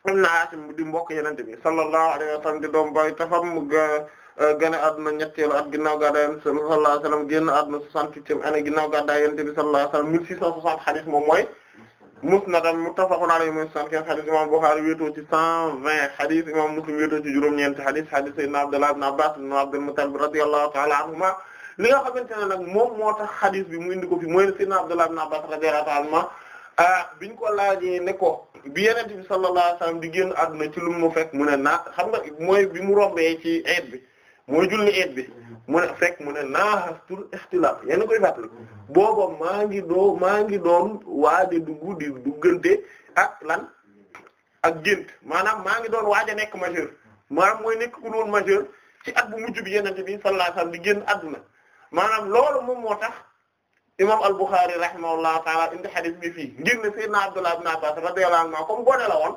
ibn Haasim di mbokk Yonent bi sallallahu alayhi wa sallam di doom bay tafam gane àdduna ñetteelu at ginnaaw gàddaay Yonent bi sallallahu alayhi wa sallam génn àdduna soixante-huitième année ginnaaw gàddaay Yonent bi sallallahu alayhi wa sallam mille six cent soixante hadith moom mooy musnadan muttafaqun alayhi mooy soixante-quinze hadis imam Bukhari wéetoo ci cent vingt hadis imam Muslim wéetoo ci juróom-ñeenti hadis hadis sayyidina Abdullah ibn Abbas ibn Abdul Muttalib radiyallahu ta'ala anhuma li nga xamante ne nag moom moo tax hadis bi mu indi ko fi mooy sayyidina Abdullah ibn Abbas radiyallahu ta'ala anhuma ah, biñ ko laaj ne ko bi Yonent bi sallallahu alayhi wasallam di génn àdduna ci lu mu fekk mu ne naa xam nga mooy bi mu rombee ci bi mooy julli eet bi mu ne fekk mu ne naahastul ixtilaaf yéen koy fàttali booba maa ngi doo maa ngi doon waaja dugg di duggante a lan ak gént maanaam maa ngi doon waaja nekk majeur maanaam mooy nekk ku doon majeur ci at bu mujj bi yenente bi sallallahu alayhi wasallam di génn maanaam loolu moom moo tax imam al-Bukhari rahimahullahu taala indi hadith bi fii ngir ne sayyidina Abdullah ibn Abbas radiyallahu anhu comme gone la woon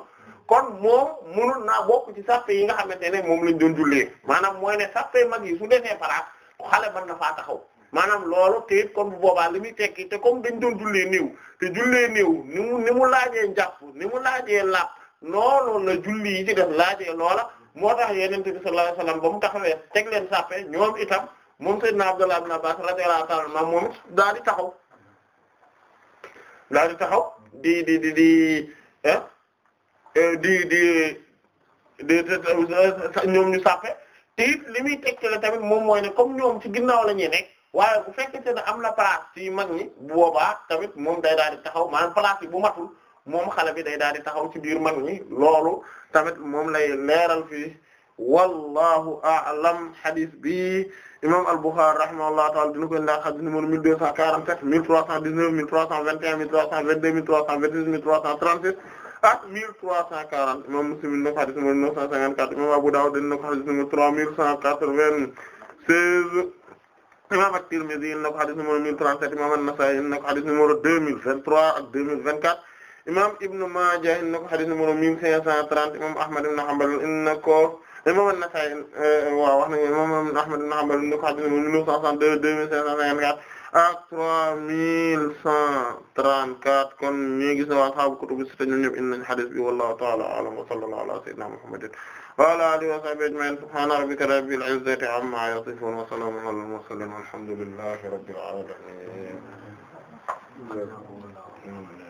kon moom munul naa bokk ci sàppe yi nga xamante ne moom lañ doon jullee maanaam mooy ne sàppe mag yi su defee paraat xale ba na faa taxaw maanaam loolu te it comme bu boobaa li muy tekki te comme dañ doon jullee néew te jullee néew ni mu ni mu laajee njàpp ni mu laajee làpp noonu na julli yi ci def laajee loola moo tax yenente bi sallallahu alayhi wasallam ba mu taxawee teg leen sàppe ñoom itam moom sayyidna Abdullah ibn na radiyallahu ta'ala anhu moom it daal di taxaw daal di taxaw di di di di eh? Euh, di di di ñoom ñu sàppe te it li muy tegtale tamit moom mooy ne comme ñoom ci ginnaaw la ñuy nekk waaye bu fekkente ne am na place ci mag ñi bu boobaa tamit moom day daal di taxaw maanaam place yi bu matul moom xale bi day daal di taxaw ci biir mag ñi loolu tamit moom lay leeral fii wallahu a'lam hadis bi imam al-Bukhari rahimahullahu ta'ala dina ko indi hadis numéro 1247 1319 1321 1322 1326 1336 ak mille trois cent quarante imam Muslim na ko hadith numéro neuf cent cinquante quatre imam Abu Dawud na ko hadith numéro trois mille cent quatre-vingt-seize imam At-Tirmidhi na ko hadith numéro mille trente-sept imam An-Nasa'i na ko hadith numéro deux mille vingt-trois ak deux mille vingt-quatre imam Ibn Maaja na ko hadith numéro mille cinq cent trente imam Ahmad ibn Hanbal na ko imam An-Nasa'i euh, waaw wax nañu imam Ahmad ibn Hanbal na ko hadith numéro mille neuf cent soixante-deux deux mille cinq cent cinquante-quatre ak trois mille cent trente-quatre kon ñi gis na ashaabu kutubu sitta ñoom ñëpp indi nañu hadith bi wallahu ta'ala a'lam wa sallallahu ala sayyidina muhammadin wa ala alihi wa sahbihi ajma'in subhana rabbika rabbil izzati amma yasifun wa salamun ala al-mursalin walhamdulillahi rabbil alamin